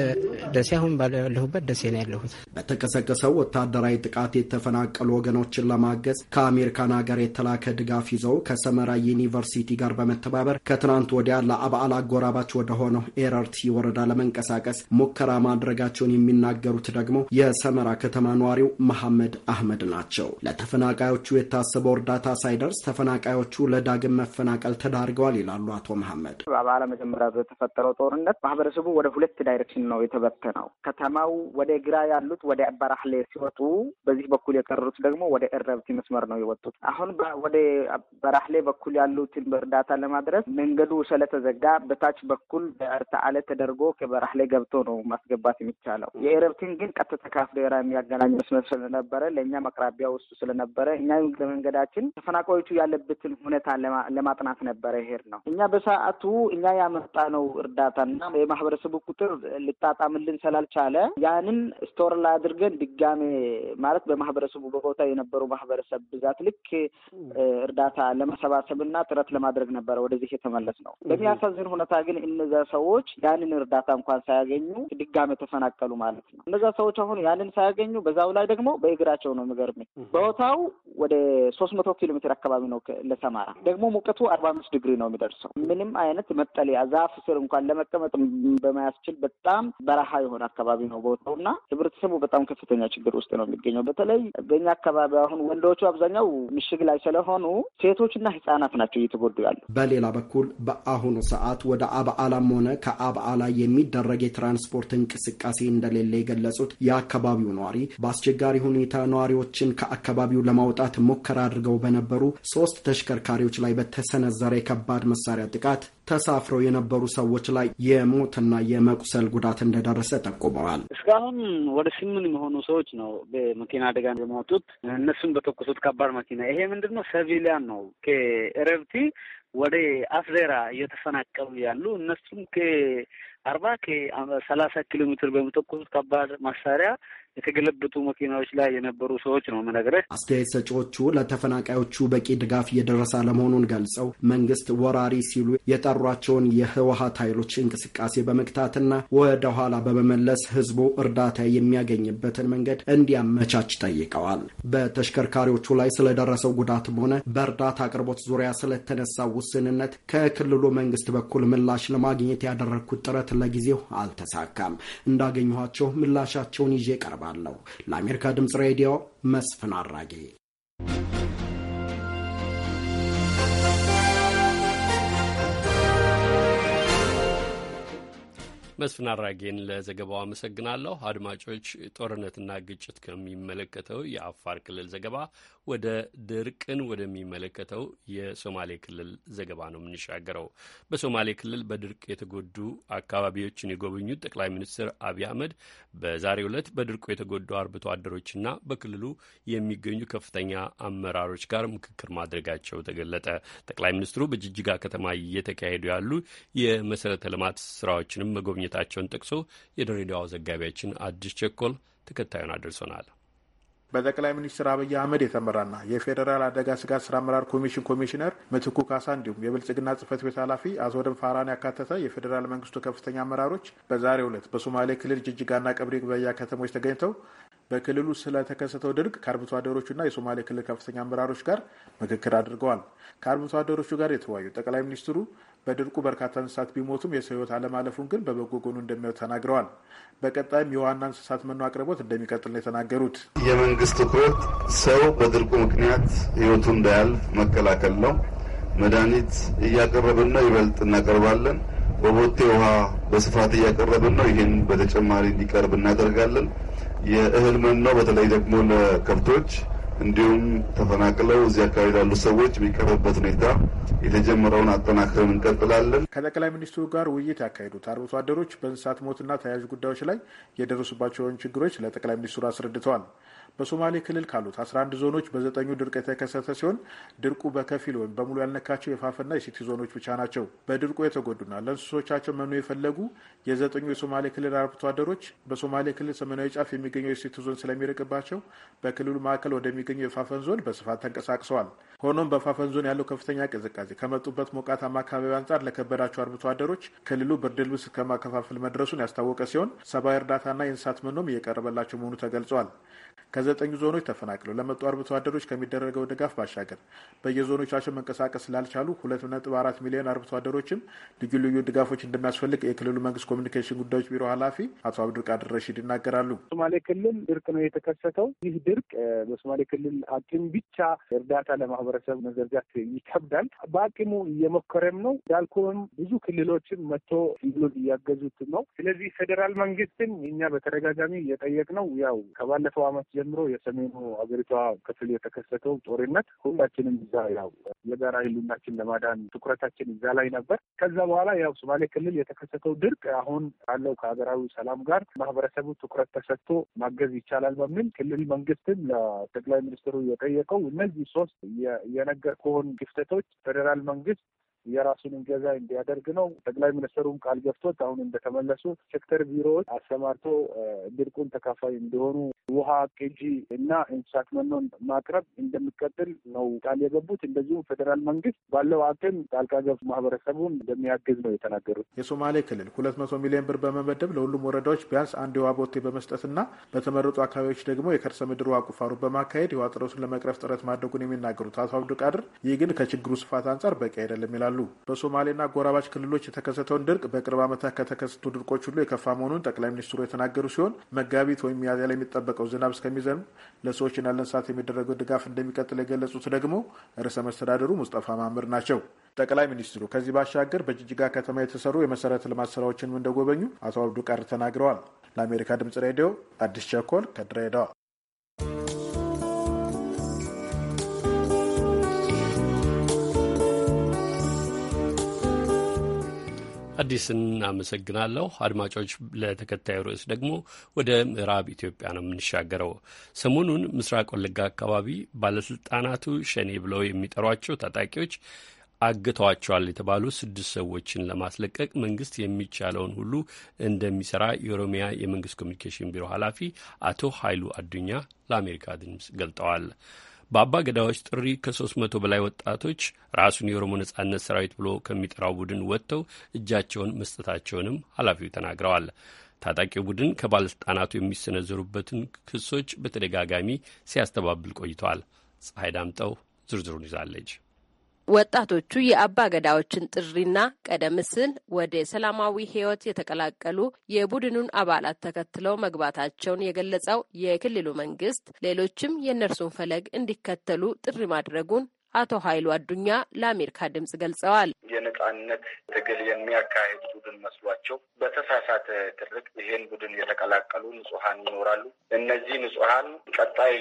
[SPEAKER 2] ደሴ አሁን ባለሁበት ደሴ ነው ያለሁት። በተቀሰቀሰው
[SPEAKER 6] ወታደራዊ ጥቃት የተፈናቀሉ ወገኖችን ለማገዝ ከአሜሪካን ሀገር የተላከ ድጋፍ ይዘው ከሰመራ ዩኒቨርሲቲ ጋር በመተባበር ከትናንት ወዲያ ለአባዓል አጎራባች ወደሆነው ኤረርቲ ወረዳ ለመንቀሳቀስ ሙከራ ማድረጋቸውን የሚናገሩት ደግሞ የሰመራ ከተማ ነዋሪው መሐመድ አህመድ ናቸው። ለተፈናቃዮቹ የታሰበው እርዳታ ሳይደርስ ተፈናቃዮቹ ለዳግም መፈናቀል ተዳርገዋል ይላሉ አቶ መሐመድ።
[SPEAKER 2] በአባላ መጀመሪያ በተፈጠረው ጦርነት ማህበረሰቡ ወደ ሁለት ዳይሬክሽን ነው የተበተነው። ከተማው ወደ ግራ ያሉት ወደ አባራህሌ ሲወጡ፣ በዚህ በኩል የቀሩት ደግሞ ወደ ኤረርቲ መስመር ነው የወጡት። አሁን ወደ በራህሌ በኩል ያሉትን በእርዳታ ለማድረስ መንገዱ ስለተዘጋ በታች በኩል አለ ተደርጎ በራህሌ ገብቶ ነው ማስገባት የሚቻለው። የኤረብቲን ግን ቀጥታ ካፍዴራ የሚያገናኝ መስመር ስለነበረ ለእኛ መቅራቢያ ውስጡ ስለነበረ እኛ ለመንገዳችን ተፈናቃዮቹ ያለበትን ሁኔታ ለማጥናት ነበረ ይሄድ ነው። እኛ በሰዓቱ እኛ ያመጣ ነው እርዳታና የማህበረሰቡ ቁጥር ልጣጣምልን ስላልቻለ ያንን ስቶር ላይ አድርገን ድጋሜ ማለት በማህበረሰቡ በቦታ የነበረው ማህበረሰብ ብዛት ልክ እርዳታ ለመሰባሰብ እና ጥረት ለማድረግ ነበረ ወደዚህ የተመለስ ነው። በሚያሳዝን ሁኔታ ግን እነዛ ሰዎች ያንን እርዳታ እንኳን ሳያገኙ ድጋሜ ተፈናቀሉ ማለት ነው። እነዛ ሰዎች አሁን ያንን ሳያገኙ በዛው ላይ ደግሞ በእግራቸው ነው የሚገርምኝ። ቦታው ወደ ሶስት መቶ ኪሎ ሜትር አካባቢ ነው ለሰማራ ደግሞ ሙቀቱ አርባ አምስት ዲግሪ ነው የሚደርሰው። ምንም አይነት መጠለያ ዛፍ ስር እንኳን ለመቀመጥ በማያስችል በጣም በረሃ የሆነ አካባቢ ነው ቦታው እና ህብረተሰቡ በጣም ከፍተኛ ችግር ውስጥ ነው የሚገኘው። በተለይ በኛ አካባቢ አሁን ወንዶቹ አብዛኛው ምሽግ ላይ ስለሆ ስለሆኑ ሴቶችና ህጻናት ናቸው እየተጎዱ ያሉ።
[SPEAKER 6] በሌላ በኩል በአሁኑ ሰዓት ወደ አብዓላም ሆነ ከአብዓላ የሚደረግ የትራንስፖርት እንቅስቃሴ እንደሌለ የገለጹት የአካባቢው ነዋሪ በአስቸጋሪ ሁኔታ ነዋሪዎችን ከአካባቢው ለማውጣት ሙከራ አድርገው በነበሩ ሶስት ተሽከርካሪዎች ላይ በተሰነዘረ የከባድ መሳሪያ ጥቃት ተሳፍረው የነበሩ ሰዎች ላይ የሞትና የመቁሰል ጉዳት እንደደረሰ ጠቁመዋል።
[SPEAKER 7] እስካሁን ወደ ስምንት የሆኑ ሰዎች ነው በመኪና አደጋ የሞቱት። እነሱም በተኮሱት ከባድ መኪና ይሄ ምንድን ነው? ሰቪሊያን ነው ከረብቲ ወደ አፍዴራ እየተፈናቀሉ ያሉ እነሱም አርባ ከሰላሳ ኪሎ ሜትር በሚተኩሱት ከባድ መሳሪያ የተገለበጡ መኪናዎች ላይ የነበሩ ሰዎች ነው የምነግርህ።
[SPEAKER 6] አስተያየት ሰጪዎቹ ለተፈናቃዮቹ በቂ ድጋፍ እየደረሰ አለመሆኑን ገልጸው መንግስት ወራሪ ሲሉ የጠሯቸውን የህወሀት ኃይሎች እንቅስቃሴ በመግታትና ወደ ኋላ በመመለስ ህዝቡ እርዳታ የሚያገኝበትን መንገድ እንዲያመቻች ጠይቀዋል። በተሽከርካሪዎቹ ላይ ስለደረሰው ጉዳትም ሆነ በእርዳታ አቅርቦት ዙሪያ ስለተነሳው ውስንነት ከክልሉ መንግስት በኩል ምላሽ ለማግኘት ያደረግኩት ጥረት ጥረት ለጊዜው አልተሳካም። እንዳገኘኋቸው ምላሻቸውን ይዤ ቀርባለሁ። ለአሜሪካ ድምፅ ሬዲዮ መስፍን አራጌ።
[SPEAKER 1] መስፍን አራጌን ለዘገባው አመሰግናለሁ። አድማጮች፣ ጦርነትና ግጭት ከሚመለከተው የአፋር ክልል ዘገባ ወደ ድርቅን ወደሚመለከተው የሶማሌ ክልል ዘገባ ነው የምንሻገረው። በሶማሌ ክልል በድርቅ የተጎዱ አካባቢዎችን የጎበኙት ጠቅላይ ሚኒስትር አብይ አህመድ በዛሬው ዕለት በድርቁ የተጎዱ አርብቶ አደሮችና በክልሉ የሚገኙ ከፍተኛ አመራሮች ጋር ምክክር ማድረጋቸው ተገለጠ። ጠቅላይ ሚኒስትሩ በጅጅጋ ከተማ እየተካሄዱ ያሉ የመሰረተ ልማት ስራዎችንም መጎብኘታቸውን ጠቅሶ የድሬዳዋ ዘጋቢያችን አዲስ ቸኮል ተከታዩን አድርሶናል።
[SPEAKER 8] በጠቅላይ ሚኒስትር አብይ አህመድ የተመራና የፌዴራል አደጋ ስጋት ስራ አመራር ኮሚሽን ኮሚሽነር ምትኩ ካሳ እንዲሁም የብልጽግና ጽህፈት ቤት ኃላፊ አቶ ደም ፋራን ያካተተ የፌዴራል መንግስቱ ከፍተኛ አመራሮች በዛሬው ዕለት በሶማሌ ክልል ጅጅጋና ቀብሪ ግበያ ከተሞች ተገኝተው በክልሉ ስለተከሰተው ድርቅ ከአርብቶ አደሮቹና የሶማሌ ክልል ከፍተኛ አመራሮች ጋር ምክክር አድርገዋል። ከአርብቶ አደሮቹ ጋር የተወያዩ ጠቅላይ ሚኒስትሩ በድርቁ በርካታ እንስሳት ቢሞቱም የሰው ህይወት አለማለፉን ግን በበጎ ጎኑ እንደሚያዩት ተናግረዋል። በቀጣይም የዋና እንስሳት መኖ አቅርቦት እንደሚቀጥል ነው የተናገሩት።
[SPEAKER 9] የመንግስት ትኩረት ሰው በድርቁ ምክንያት ህይወቱ እንዳያልፍ መከላከል ነው። መድኃኒት እያቀረብን ነው፣ ይበልጥ እናቀርባለን። በቦቴ ውሃ በስፋት እያቀረብን ነው። ይህን በተጨማሪ እንዲቀርብ እናደርጋለን። የእህል መኖ በተለይ ደግሞ ለከብቶች እንዲሁም ተፈናቅለው እዚህ አካባቢ ላሉ ሰዎች የሚቀርብበት ሁኔታ የተጀመረውን አጠናክረን እንቀጥላለን።
[SPEAKER 8] ከጠቅላይ ሚኒስትሩ ጋር ውይይት ያካሄዱት አርብቶ አደሮች በእንስሳት ሞትና ተያያዥ ጉዳዮች ላይ የደረሱባቸውን ችግሮች ለጠቅላይ ሚኒስትሩ አስረድተዋል። በሶማሌ ክልል ካሉት 11 ዞኖች በዘጠኙ ድርቅ የተከሰተ ሲሆን ድርቁ በከፊል ወይም በሙሉ ያልነካቸው የፋፈና የሲቲ ዞኖች ብቻ ናቸው። በድርቁ የተጎዱና ለእንስሶቻቸው መኖ የፈለጉ የዘጠኙ የሶማሌ ክልል አርብቶ አደሮች በሶማሌ ክልል ሰሜናዊ ጫፍ የሚገኘው የሲቲ ዞን ስለሚርቅባቸው በክልሉ ማዕከል ወደሚገኘው የፋፈን ዞን በስፋት ተንቀሳቅሰዋል። ሆኖም በፋፈን ዞን ያለው ከፍተኛ ቅዝቃዜ ከመጡበት ሞቃታማ አካባቢ አንጻር ለከበዳቸው አርብቶ አደሮች ክልሉ ብርድ ልብስ ከማከፋፈል መድረሱን ያስታወቀ ሲሆን ሰብአዊ እርዳታና የእንስሳት መኖም እየቀረበላቸው መሆኑ ተገልጿል። በዘጠኙ ዞኖች ተፈናቅለው ለመጡ አርብቶ አደሮች ከሚደረገው ድጋፍ ባሻገር በየዞኖቻቸው መንቀሳቀስ ስላልቻሉ ሁለት ነጥብ አራት ሚሊዮን አርብቶ አደሮችም ልዩ ልዩ ድጋፎች እንደሚያስፈልግ የክልሉ መንግስት ኮሚኒኬሽን ጉዳዮች ቢሮ ኃላፊ አቶ አብዱልቃድር ረሺድ ይናገራሉ።
[SPEAKER 10] ሶማሌ ክልል ድርቅ ነው የተከሰተው። ይህ ድርቅ በሶማሌ ክልል አቅም ብቻ እርዳታ ለማህበረሰብ መዘርጋት ይከብዳል። በአቅሙ እየሞከረም ነው እንዳልኩም ብዙ ክልሎችን መጥቶ ክልሉን እያገዙት ነው። ስለዚህ ፌዴራል መንግስትን እኛ በተደጋጋሚ እየጠየቅ ነው ያው ከባለፈው ዓመት ጀምሮ የሰሜኑ ሀገሪቷ ክፍል የተከሰተው ጦርነት ሁላችንም እዛ ያው የጋራ ህሉናችን ለማዳን ትኩረታችን እዛ ላይ ነበር። ከዛ በኋላ ያው ሶማሌ ክልል የተከሰተው ድርቅ አሁን ካለው ከሀገራዊ ሰላም ጋር ማህበረሰቡ ትኩረት ተሰጥቶ ማገዝ ይቻላል በሚል ክልል መንግስትም ለጠቅላይ ሚኒስትሩ የጠየቀው እነዚህ ሶስት ከሆን ክፍተቶች ፌዴራል መንግስት የራሱንም ገዛ እንዲያደርግ ነው ጠቅላይ ሚኒስትሩም ቃል ገብቶት አሁን እንደተመለሱ ሴክተር ቢሮዎች አሰማርቶ ድርቁን ተካፋይ እንዲሆኑ ውሃ ቅጂ እና እንስሳት መኖን ማቅረብ እንደሚቀጥል ነው ቃል የገቡት። እንደዚሁም ፌዴራል መንግስት ባለው አቅም ጣልቃ ገብ ማህበረሰቡን እንደሚያግዝ ነው የተናገሩት።
[SPEAKER 8] የሶማሌ ክልል ሁለት መቶ ሚሊዮን ብር በመመደብ ለሁሉም ወረዳዎች ቢያንስ አንድ የውሃ ቦቴ በመስጠትና በተመረጡ አካባቢዎች ደግሞ የከርሰ ምድር ውሃ ቁፋሮ በማካሄድ የውሃ ጥረቱን ለመቅረፍ ጥረት ማድረጉን የሚናገሩት አቶ አብዱ ቃድር ይህ ግን ከችግሩ ስፋት አንጻር በቂ አይደለም ይላል ይጠይቃሉ። በሶማሌና ጎራባች ክልሎች የተከሰተውን ድርቅ በቅርብ ዓመታት ከተከሰቱ ድርቆች ሁሉ የከፋ መሆኑን ጠቅላይ ሚኒስትሩ የተናገሩ ሲሆን መጋቢት ወይም ሚያዝያ ላይ የሚጠበቀው ዝናብ እስከሚዘንብ ለሰዎችና ለእንስሳት የሚደረገው ድጋፍ እንደሚቀጥል የገለጹት ደግሞ ርዕሰ መስተዳደሩ ሙስጠፋ ማምር ናቸው። ጠቅላይ ሚኒስትሩ ከዚህ ባሻገር በጅጅጋ ከተማ የተሰሩ የመሰረተ ልማት ስራዎችንም እንደጎበኙ አቶ አብዱ ቀር ተናግረዋል። ለአሜሪካ ድምጽ ሬዲዮ አዲስ ቸኮል ከድሬዳዋ
[SPEAKER 1] አዲስን አመሰግናለሁ። አድማጮች፣ ለተከታዩ ርዕስ ደግሞ ወደ ምዕራብ ኢትዮጵያ ነው የምንሻገረው። ሰሞኑን ምስራቅ ወለጋ አካባቢ ባለስልጣናቱ ሸኔ ብለው የሚጠሯቸው ታጣቂዎች አግተዋቸዋል የተባሉ ስድስት ሰዎችን ለማስለቀቅ መንግስት የሚቻለውን ሁሉ እንደሚሰራ የኦሮሚያ የመንግስት ኮሚኒኬሽን ቢሮ ኃላፊ አቶ ኃይሉ አዱኛ ለአሜሪካ ድምፅ ገልጠዋል። በአባ ገዳዎች ጥሪ ከሶስት መቶ በላይ ወጣቶች ራሱን የኦሮሞ ነጻነት ሰራዊት ብሎ ከሚጠራው ቡድን ወጥተው እጃቸውን መስጠታቸውንም ኃላፊው ተናግረዋል። ታጣቂው ቡድን ከባለሥልጣናቱ የሚሰነዘሩበትን ክሶች በተደጋጋሚ ሲያስተባብል ቆይተዋል። ፀሐይ ዳምጠው ዝርዝሩን ይዛለች።
[SPEAKER 11] ወጣቶቹ የአባ ገዳዎችን ጥሪና ቀደም ሲል ወደ ሰላማዊ ህይወት የተቀላቀሉ የቡድኑን አባላት ተከትለው መግባታቸውን የገለጸው የክልሉ መንግስት ሌሎችም የእነርሱን ፈለግ እንዲከተሉ ጥሪ ማድረጉን አቶ ኃይሉ አዱኛ ለአሜሪካ ድምጽ ገልጸዋል።
[SPEAKER 12] የነጻነት ትግል የሚያካሄድ ቡድን መስሏቸው በተሳሳተ ትርክ ይሄን ቡድን የተቀላቀሉ ንጹሀን ይኖራሉ። እነዚህ ንጹሀን ቀጣይ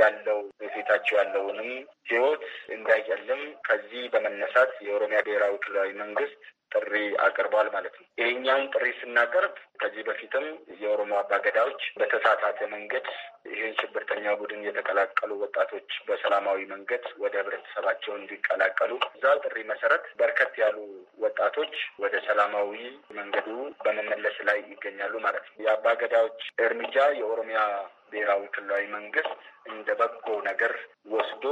[SPEAKER 12] ያለው የፊታቸው ያለውንም ህይወት እንዳይጨልም ከዚህ በመነሳት የኦሮሚያ ብሔራዊ ክልላዊ መንግስት ጥሪ አቅርቧል ማለት ነው። ይህኛውን ጥሪ ስናቀርብ ከዚህ በፊትም የኦሮሞ አባገዳዎች በተሳሳተ መንገድ ይህን ሽብርተኛ ቡድን የተቀላቀሉ ወጣቶች በሰላማዊ መንገድ ወደ ህብረተሰባቸው እንዲቀላቀሉ እዛ ጥሪ መሰረት በርከት ያሉ ወጣቶች ወደ ሰላማዊ መንገዱ በመመለስ ላይ ይገኛሉ ማለት ነው። የአባገዳዎች እርምጃ የኦሮሚያ ብሔራዊ ክልላዊ መንግስት እንደ በጎ ነገር ወስዶ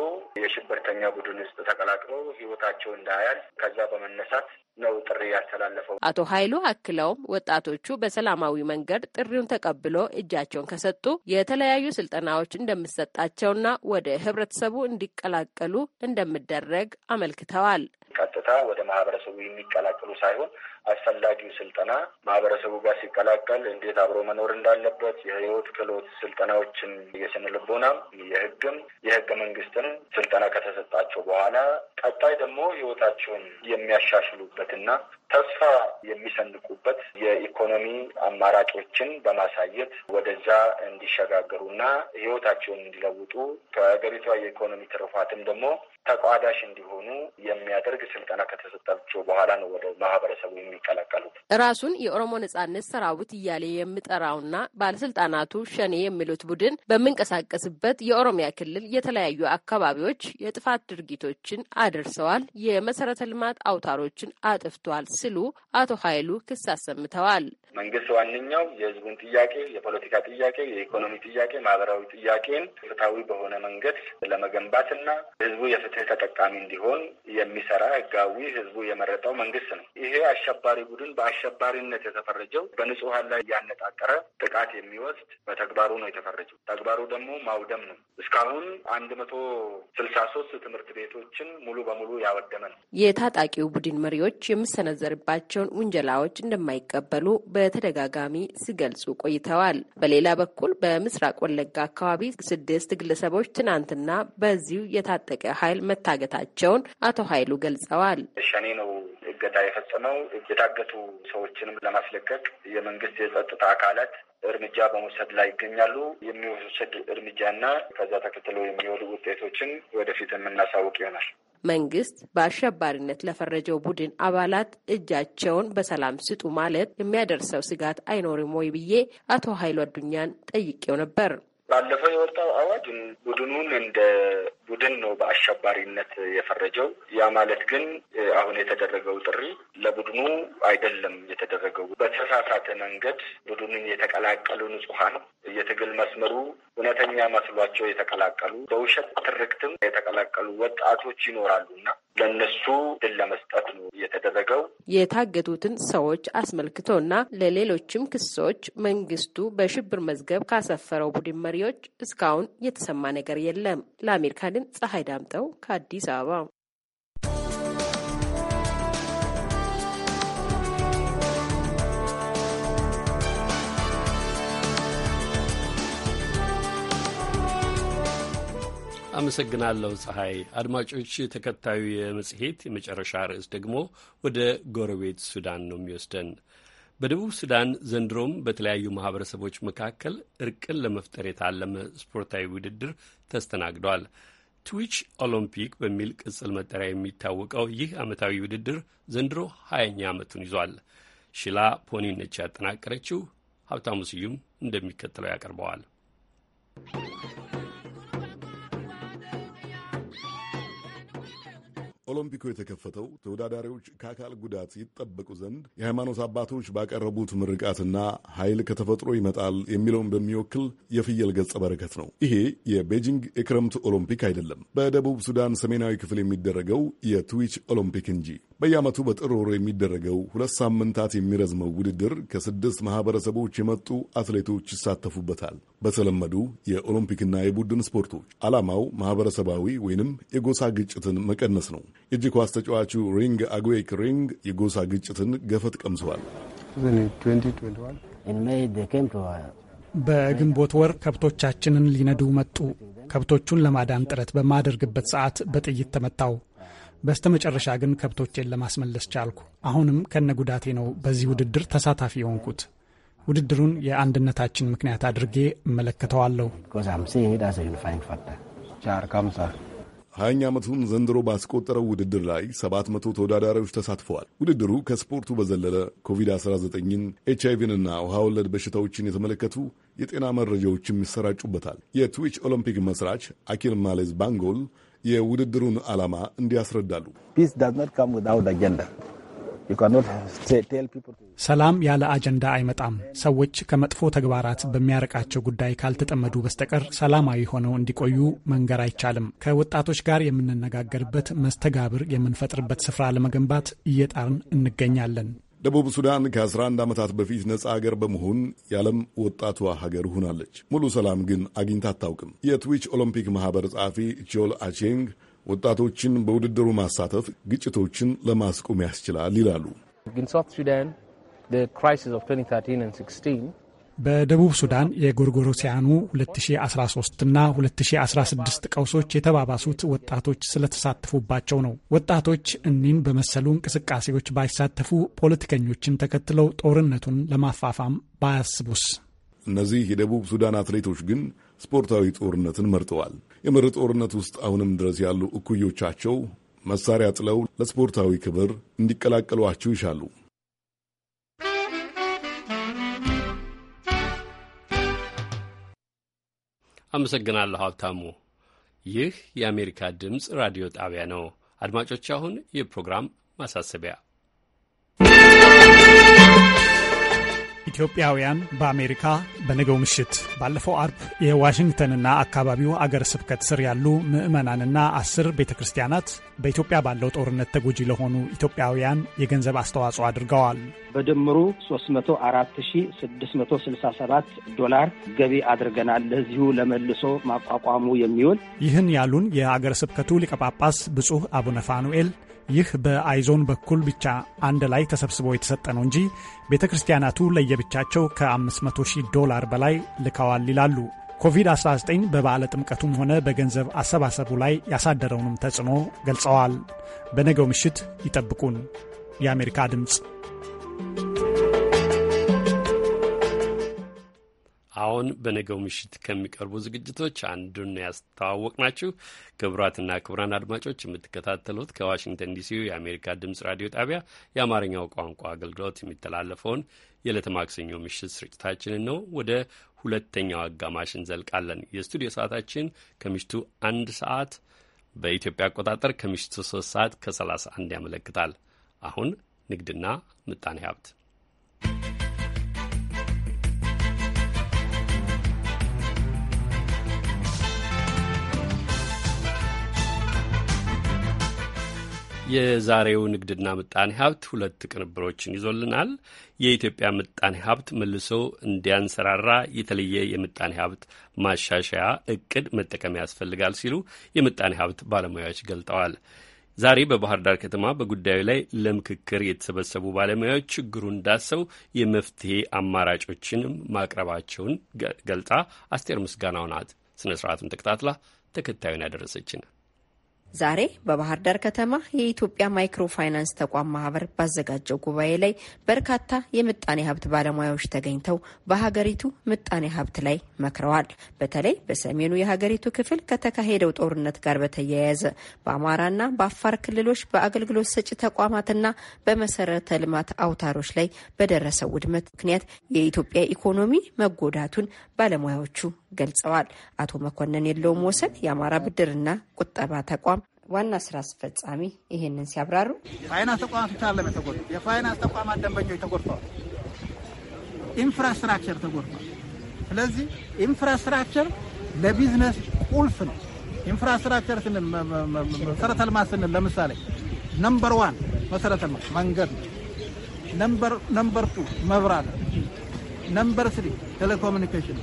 [SPEAKER 12] የሽብርተኛ ቡድን ውስጥ
[SPEAKER 11] ተቀላቅለው ህይወታቸው እንዳያል ከዛ በመነሳት ነው ጥሪ ያስተላለፈው። አቶ ኃይሉ አክለውም ወጣቶቹ በሰላማዊ መንገድ ጥሪውን ተቀብሎ እጃቸውን ከሰጡ የተለያዩ ስልጠናዎች እንደምሰጣቸውና ወደ ህብረተሰቡ እንዲቀላቀሉ እንደምደረግ አመልክተዋል።
[SPEAKER 12] ቀጥታ ወደ ማህበረሰቡ የሚቀላቀሉ ሳይሆን አስፈላጊው ስልጠና ማህበረሰቡ ጋር ሲቀላቀል እንዴት አብሮ መኖር እንዳለበት የህይወት ክህሎት ስልጠናዎችን የስነ ልቦናም፣ የህግም፣ የህገ መንግስትን ስልጠና ከተሰጣቸው በኋላ ቀጣይ ደግሞ ህይወታቸውን የሚያሻሽሉበትና ተስፋ የሚሰንቁበት የኢኮኖሚ አማራጮችን በማሳየት ወደዛ እንዲሸጋገሩና ህይወታቸውን እንዲለውጡ ከሀገሪቷ የኢኮኖሚ ትርፋትም ደግሞ ተቋዳሽ እንዲሆኑ የሚያደርግ ስልጠና ከተሰጣቸው በኋላ ነው ወደ ማህበረሰቡ የሚቀላቀሉት።
[SPEAKER 11] ራሱን የኦሮሞ ነጻነት ሰራዊት እያለ የሚጠራውና ባለስልጣናቱ ሸኔ የሚሉት ቡድን በምንቀሳቀስበት የኦሮሚያ ክልል የተለያዩ አካባቢዎች የጥፋት ድርጊቶችን አድርሰዋል፣ የመሰረተ ልማት አውታሮችን አጥፍቷል ሲሉ አቶ ኃይሉ ክስ አሰምተዋል።
[SPEAKER 12] መንግስት ዋነኛው የህዝቡን ጥያቄ፣ የፖለቲካ ጥያቄ፣ የኢኮኖሚ ጥያቄ፣ ማህበራዊ ጥያቄን ፍትሐዊ በሆነ መንገድ ለመገንባትና ህዝቡ የፍትህ መፍትሄ ተጠቃሚ እንዲሆን የሚሰራ ህጋዊ ህዝቡ የመረጠው መንግስት ነው። ይሄ አሸባሪ ቡድን በአሸባሪነት የተፈረጀው በንጹሀን ላይ ያነጣጠረ ጥቃት የሚወስድ በተግባሩ ነው የተፈረጀው። ተግባሩ ደግሞ ማውደም ነው። እስካሁን አንድ መቶ ስልሳ ሶስት ትምህርት ቤቶችን ሙሉ በሙሉ ያወደመ ነው።
[SPEAKER 11] የታጣቂው ቡድን መሪዎች የሚሰነዘርባቸውን ውንጀላዎች እንደማይቀበሉ በተደጋጋሚ ሲገልጹ ቆይተዋል። በሌላ በኩል በምስራቅ ወለጋ አካባቢ ስድስት ግለሰቦች ትናንትና በዚሁ የታጠቀ ኃይል መካከል መታገታቸውን አቶ ኃይሉ ገልጸዋል።
[SPEAKER 12] ሸኔ ነው እገታ የፈጸመው። የታገቱ ሰዎችንም ለማስለቀቅ የመንግስት የጸጥታ አካላት እርምጃ በመውሰድ ላይ ይገኛሉ። የሚወሰድ እርምጃና ከዛ ተከትለው የሚወሉ ውጤቶችን ወደፊት የምናሳውቅ ይሆናል።
[SPEAKER 11] መንግስት በአሸባሪነት ለፈረጀው ቡድን አባላት እጃቸውን በሰላም ስጡ ማለት የሚያደርሰው ስጋት አይኖርም ወይ ብዬ አቶ ኃይሉ አዱኛን ጠይቄው ነበር። ባለፈው
[SPEAKER 8] የወጣው
[SPEAKER 12] አዋጅ ቡድኑን እንደ ቡድን ነው በአሸባሪነት የፈረጀው። ያ ማለት ግን አሁን የተደረገው ጥሪ ለቡድኑ አይደለም የተደረገው። በተሳሳተ መንገድ ቡድኑን የተቀላቀሉ ንጹሐን የትግል መስመሩ እውነተኛ መስሏቸው የተቀላቀሉ በውሸት ትርክትም የተቀላቀሉ ወጣቶች ይኖራሉ እና ለእነሱ ድል ለመስጠት ነው የተደረገው።
[SPEAKER 11] የታገቱትን ሰዎች አስመልክቶና ለሌሎችም ክሶች መንግስቱ በሽብር መዝገብ ካሰፈረው ቡድን መሪዎች እስካሁን የተሰማ ነገር የለም። ለአሜሪካ ድምፅ ፀሐይ ዳምጠው ከአዲስ አበባ
[SPEAKER 1] አመሰግናለሁ ፀሐይ። አድማጮች ተከታዩ የመጽሔት የመጨረሻ ርዕስ ደግሞ ወደ ጎረቤት ሱዳን ነው የሚወስደን። በደቡብ ሱዳን ዘንድሮም በተለያዩ ማህበረሰቦች መካከል እርቅን ለመፍጠር የታለመ ስፖርታዊ ውድድር ተስተናግዷል። ትዊች ኦሎምፒክ በሚል ቅጽል መጠሪያ የሚታወቀው ይህ ዓመታዊ ውድድር ዘንድሮ ሀያኛ ዓመቱን ይዟል። ሽላ ፖኒ ነች ያጠናቀረችው። ሀብታሙ ስዩም እንደሚከተለው ያቀርበዋል። ኦሎምፒኩ
[SPEAKER 5] የተከፈተው ተወዳዳሪዎች ከአካል ጉዳት ይጠበቁ ዘንድ የሃይማኖት አባቶች ባቀረቡት ምርቃትና ኃይል ከተፈጥሮ ይመጣል የሚለውን በሚወክል የፍየል ገጸ በረከት ነው። ይሄ የቤጂንግ የክረምት ኦሎምፒክ አይደለም፣ በደቡብ ሱዳን ሰሜናዊ ክፍል የሚደረገው የትዊች ኦሎምፒክ እንጂ። በየዓመቱ በጥር ወር የሚደረገው ሁለት ሳምንታት የሚረዝመው ውድድር ከስድስት ማህበረሰቦች የመጡ አትሌቶች ይሳተፉበታል። በተለመዱ የኦሎምፒክና የቡድን ስፖርቶች ዓላማው ማህበረሰባዊ ወይንም የጎሳ ግጭትን መቀነስ ነው። የእጅ ኳስ ተጫዋቹ ሪንግ አግዌክ ሪንግ የጎሳ ግጭትን ገፈት ቀምሰዋል።
[SPEAKER 3] በግንቦት ወር ከብቶቻችንን ሊነዱ መጡ። ከብቶቹን ለማዳን ጥረት በማደርግበት ሰዓት በጥይት ተመታው። በስተ መጨረሻ ግን ከብቶቼን ለማስመለስ ቻልኩ። አሁንም ከነ ጉዳቴ ነው በዚህ ውድድር ተሳታፊ የሆንኩት። ውድድሩን የአንድነታችን ምክንያት አድርጌ እመለከተዋለሁ።
[SPEAKER 5] ሀያኛ ዓመቱን ዘንድሮ ባስቆጠረው ውድድር ላይ 700 ተወዳዳሪዎች ተሳትፈዋል። ውድድሩ ከስፖርቱ በዘለለ ኮቪድ-19ን፣ ኤች አይቪንና ውሃ ወለድ በሽታዎችን የተመለከቱ የጤና መረጃዎችም ይሰራጩበታል። የትዊች ኦሎምፒክ መስራች አኪል ማሌዝ ባንጎል የውድድሩን ዓላማ እንዲያስረዳሉ
[SPEAKER 3] ሰላም ያለ አጀንዳ አይመጣም። ሰዎች ከመጥፎ ተግባራት በሚያርቃቸው ጉዳይ ካልተጠመዱ በስተቀር ሰላማዊ ሆነው እንዲቆዩ መንገር አይቻልም። ከወጣቶች ጋር የምንነጋገርበት መስተጋብር የምንፈጥርበት ስፍራ ለመገንባት እየጣርን እንገኛለን።
[SPEAKER 5] ደቡብ ሱዳን ከ11 ዓመታት በፊት ነፃ አገር በመሆን የዓለም ወጣቷ ሀገር ሆናለች። ሙሉ ሰላም ግን አግኝታ አታውቅም። የትዊች ኦሎምፒክ ማኅበር ጸሐፊ ጆል አቼንግ ወጣቶችን በውድድሩ ማሳተፍ ግጭቶችን ለማስቆም ያስችላል ይላሉ።
[SPEAKER 3] በደቡብ ሱዳን የጎርጎሮሲያኑ 2013ና 2016 ቀውሶች የተባባሱት ወጣቶች ስለተሳተፉባቸው ነው። ወጣቶች እኒን በመሰሉ እንቅስቃሴዎች ባይሳተፉ፣ ፖለቲከኞችን ተከትለው ጦርነቱን ለማፋፋም ባያስቡስ?
[SPEAKER 5] እነዚህ የደቡብ ሱዳን አትሌቶች ግን ስፖርታዊ ጦርነትን መርጠዋል። የምር ጦርነት ውስጥ አሁንም ድረስ ያሉ እኩዮቻቸው መሳሪያ ጥለው ለስፖርታዊ ክብር እንዲቀላቀሏቸው ይሻሉ።
[SPEAKER 1] አመሰግናለሁ ሀብታሙ። ይህ የአሜሪካ ድምፅ ራዲዮ ጣቢያ ነው። አድማጮች፣ አሁን የፕሮግራም ማሳሰቢያ
[SPEAKER 3] ኢትዮጵያውያን በአሜሪካ በነገው ምሽት ባለፈው አርብ የዋሽንግተንና አካባቢው አገር ስብከት ስር ያሉ ምዕመናንና አስር ቤተ ክርስቲያናት በኢትዮጵያ ባለው ጦርነት ተጎጂ ለሆኑ ኢትዮጵያውያን የገንዘብ አስተዋጽኦ አድርገዋል።
[SPEAKER 2] በድምሩ 304667 ዶላር ገቢ አድርገናል ለዚሁ ለመልሶ ማቋቋሙ የሚውል
[SPEAKER 3] ይህን ያሉን የአገር ስብከቱ ሊቀጳጳስ ጳጳስ ብፁህ አቡነ ፋኑኤል ይህ በአይዞን በኩል ብቻ አንድ ላይ ተሰብስቦ የተሰጠ ነው እንጂ ቤተ ክርስቲያናቱ ለየብቻቸው ከ500 ሺህ ዶላር በላይ ልከዋል ይላሉ። ኮቪድ-19 በበዓለ ጥምቀቱም ሆነ በገንዘብ አሰባሰቡ ላይ ያሳደረውንም ተጽዕኖ ገልጸዋል። በነገው ምሽት ይጠብቁን። የአሜሪካ ድምፅ
[SPEAKER 1] አሁን በነገው ምሽት ከሚቀርቡ ዝግጅቶች አንዱን ያስተዋወቅ ናችሁ። ክቡራትና ክቡራን አድማጮች የምትከታተሉት ከዋሽንግተን ዲሲ የአሜሪካ ድምጽ ራዲዮ ጣቢያ የአማርኛው ቋንቋ አገልግሎት የሚተላለፈውን የዕለተ ማክሰኞ ምሽት ስርጭታችንን ነው። ወደ ሁለተኛው አጋማሽ እንዘልቃለን። የስቱዲዮ ሰዓታችን ከምሽቱ አንድ ሰዓት በኢትዮጵያ አቆጣጠር ከምሽቱ ሶስት ሰዓት ከሰላሳ አንድ ያመለክታል። አሁን ንግድና ምጣኔ ሀብት የዛሬው ንግድና ምጣኔ ሀብት ሁለት ቅንብሮችን ይዞልናል። የኢትዮጵያ ምጣኔ ሀብት መልሶ እንዲያንሰራራ የተለየ የምጣኔ ሀብት ማሻሻያ እቅድ መጠቀም ያስፈልጋል ሲሉ የምጣኔ ሀብት ባለሙያዎች ገልጠዋል። ዛሬ በባህር ዳር ከተማ በጉዳዩ ላይ ለምክክር የተሰበሰቡ ባለሙያዎች ችግሩን ዳሰው የመፍትሄ አማራጮችንም ማቅረባቸውን ገልጻ አስቴር ምስጋናው ናት ስነ ስርዓቱን ተከታትላ ተከታዩን ያደረሰችን
[SPEAKER 13] ዛሬ በባህር ዳር ከተማ የኢትዮጵያ ማይክሮ ፋይናንስ ተቋም ማህበር ባዘጋጀው ጉባኤ ላይ በርካታ የምጣኔ ሀብት ባለሙያዎች ተገኝተው በሀገሪቱ ምጣኔ ሀብት ላይ መክረዋል። በተለይ በሰሜኑ የሀገሪቱ ክፍል ከተካሄደው ጦርነት ጋር በተያያዘ በአማራና በአፋር ክልሎች በአገልግሎት ሰጪ ተቋማትና በመሰረተ ልማት አውታሮች ላይ በደረሰው ውድመት ምክንያት የኢትዮጵያ ኢኮኖሚ መጎዳቱን ባለሙያዎቹ ገልጸዋል። አቶ መኮንን የለውም ወሰን የአማራ ብድርና ቁጠባ ተቋም ዋና ስራ አስፈጻሚ ይህንን ሲያብራሩ
[SPEAKER 14] ፋይናንስ ተቋማት ብቻ አለም የተጎ የፋይናንስ ተቋማት ደንበኞች ተጎድተዋል። ኢንፍራስትራክቸር ተጎድተዋል። ስለዚህ ኢንፍራስትራክቸር ለቢዝነስ ቁልፍ ነው። ኢንፍራስትራክቸር ስንል መሰረተ ልማት ስንል ለምሳሌ ነምበር ዋን መሰረተ ልማት መንገድ ነው። ነምበር ቱ መብራት፣ ነምበር ስሪ ቴሌኮሙኒኬሽን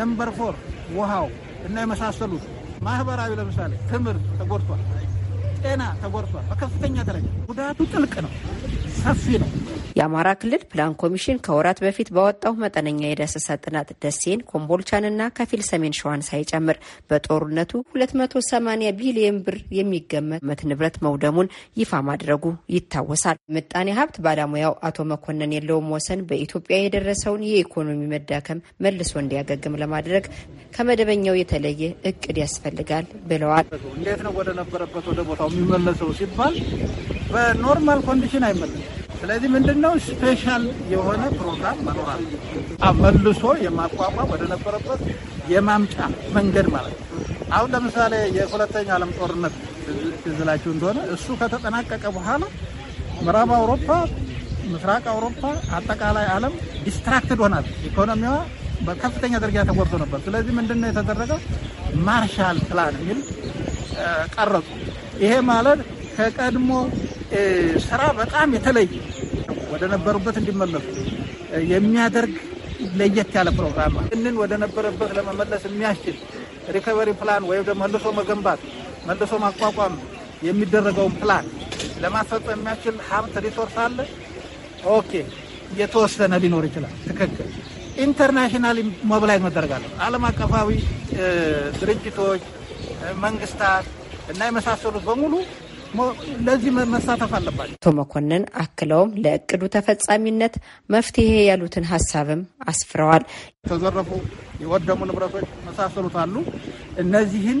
[SPEAKER 14] ነምበር ፎር ውሃው እና የመሳሰሉት ማህበራዊ፣ ለምሳሌ ትምህርት ተጎድቷል፣ ጤና ተጎድቷል። በከፍተኛ ደረጃ ጉዳቱ ጥልቅ ነው።
[SPEAKER 13] ሰፊ ነው። የአማራ ክልል ፕላን ኮሚሽን ከወራት በፊት ባወጣው መጠነኛ የዳሰሳ ጥናት ደሴን፣ ኮምቦልቻንና ከፊል ሰሜን ሸዋን ሳይጨምር በጦርነቱ 280 ቢሊዮን ብር የሚገመት ንብረት መውደሙን ይፋ ማድረጉ ይታወሳል። ምጣኔ ሀብት ባለሙያው አቶ መኮንን የለውም ወሰን በኢትዮጵያ የደረሰውን የኢኮኖሚ መዳከም መልሶ እንዲያገግም ለማድረግ ከመደበኛው የተለየ እቅድ ያስፈልጋል ብለዋል።
[SPEAKER 14] እንዴት ነው ወደ ነበረበት ወደ ቦታው የሚመለሰው ሲባል በኖርማል ኮንዲሽን አይመለስም ስለዚህ ምንድነው ስፔሻል የሆነ ፕሮግራም መኖራል መልሶ የማቋቋም ወደ ነበረበት የማምጫ መንገድ ማለት ነው። አሁን ለምሳሌ የሁለተኛው ዓለም ጦርነት ትዝላችሁ እንደሆነ እሱ ከተጠናቀቀ በኋላ ምዕራብ አውሮፓ፣ ምስራቅ አውሮፓ፣ አጠቃላይ ዓለም ዲስትራክትድ ሆናል። ኢኮኖሚዋ በከፍተኛ ደረጃ ተጎድቶ ነበር። ስለዚህ ነው የተደረገው ማርሻል ፕላን የሚል ቀረጹ። ይሄ ማለት ከቀድሞ ስራ በጣም የተለየ ወደ ነበሩበት እንዲመለሱ የሚያደርግ ለየት ያለ ፕሮግራም ይህንን ወደ ነበረበት ለመመለስ የሚያስችል ሪከቨሪ ፕላን ወይም ደግሞ መልሶ መገንባት መልሶ ማቋቋም የሚደረገውን ፕላን ለማስፈጸም የሚያስችል ሀብት ሪሶርስ አለ። ኦኬ፣ የተወሰነ ሊኖር ይችላል። ትክክል። ኢንተርናሽናል ሞብላይዝ መደረግ አለ። ዓለም አቀፋዊ ድርጅቶች፣ መንግስታት እና የመሳሰሉት በሙሉ ለዚህ መሳተፍ አለባቸው።
[SPEAKER 13] አቶ መኮንን አክለውም ለእቅዱ ተፈጻሚነት መፍትሄ ያሉትን ሀሳብም አስፍረዋል። የተዘረፉ
[SPEAKER 14] የወደሙ ንብረቶች መሳሰሉት አሉ። እነዚህን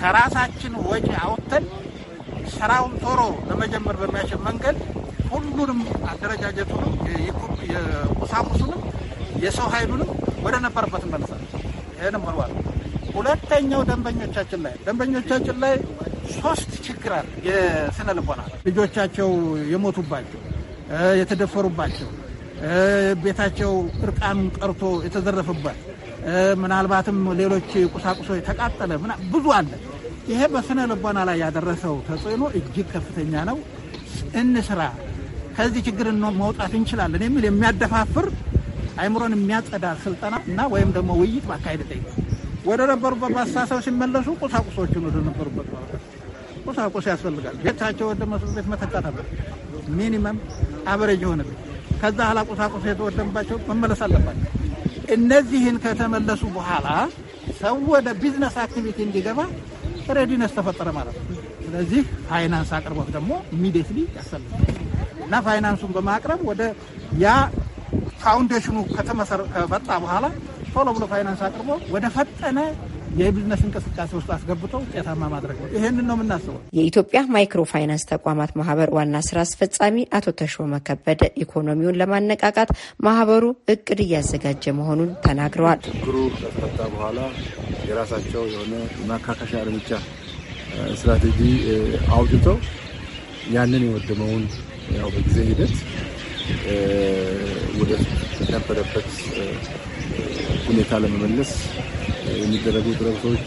[SPEAKER 14] ከራሳችን ወጪ አውጥተን ስራውን ቶሮ ለመጀመር በሚያስችል መንገድ ሁሉንም አደረጃጀቱንም የቁሳቁሱንም የሰው ኃይሉንም ወደ ነበረበት መልሳል። ይህንም ሁለተኛው ደንበኞቻችን ላይ ደንበኞቻችን ላይ ሶስት ችግር አለ። የስነ ልቦና ልጆቻቸው የሞቱባቸው፣ የተደፈሩባቸው፣ ቤታቸው እርቃን ቀርቶ የተዘረፈበት፣ ምናልባትም ሌሎች ቁሳቁሶ የተቃጠለ ብዙ አለ። ይሄ በስነ ልቦና ላይ ያደረሰው ተጽዕኖ እጅግ ከፍተኛ ነው። እንስራ፣ ከዚህ ችግር መውጣት እንችላለን የሚል የሚያደፋፍር አይምሮን የሚያጸዳ ስልጠና እና ወይም ደግሞ ውይይት ማካሄድ ጠይቃል። ወደ ነበሩበት ማስተሳሰብ ሲመለሱ ቁሳቁሶችን ወደ ነበሩበት ቁሳቁስ ያስፈልጋል። ቤታቸው ወደ መስሉ ቤት መተካት አለ ሚኒመም አበረጅ የሆነ ቤት ከዛ ኋላ ቁሳቁስ የተወደምባቸው መመለስ አለባቸው። እነዚህን ከተመለሱ በኋላ ሰው ወደ ቢዝነስ አክቲቪቲ እንዲገባ ሬዲነስ ተፈጠረ ማለት ነው። ስለዚህ ፋይናንስ አቅርቦት ደግሞ ኢሚዲየትሊ ያስፈልጋል እና ፋይናንሱን በማቅረብ ወደ ያ ፋውንዴሽኑ ከተመሰረ በኋላ ቶሎ ብሎ ፋይናንስ አቅርቦ ወደ ፈጠነ የቢዝነስ እንቅስቃሴ ውስጥ አስገብቶ ውጤታማ ማድረግ ነው። ይህንን ነው የምናስበው።
[SPEAKER 13] የኢትዮጵያ ማይክሮ ፋይናንስ ተቋማት ማህበር ዋና ስራ አስፈጻሚ አቶ ተሾመ ከበደ ኢኮኖሚውን ለማነቃቃት ማህበሩ እቅድ እያዘጋጀ መሆኑን ተናግረዋል።
[SPEAKER 12] ችግሩ ከተፈታ በኋላ የራሳቸው የሆነ ማካካሻ እርምጃ ስትራቴጂ አውጥተው ያንን የወደመውን ያው በጊዜ ሂደት ወደ ነበረበት ሁኔታ ለመመለስ የሚደረጉ ጥረቶች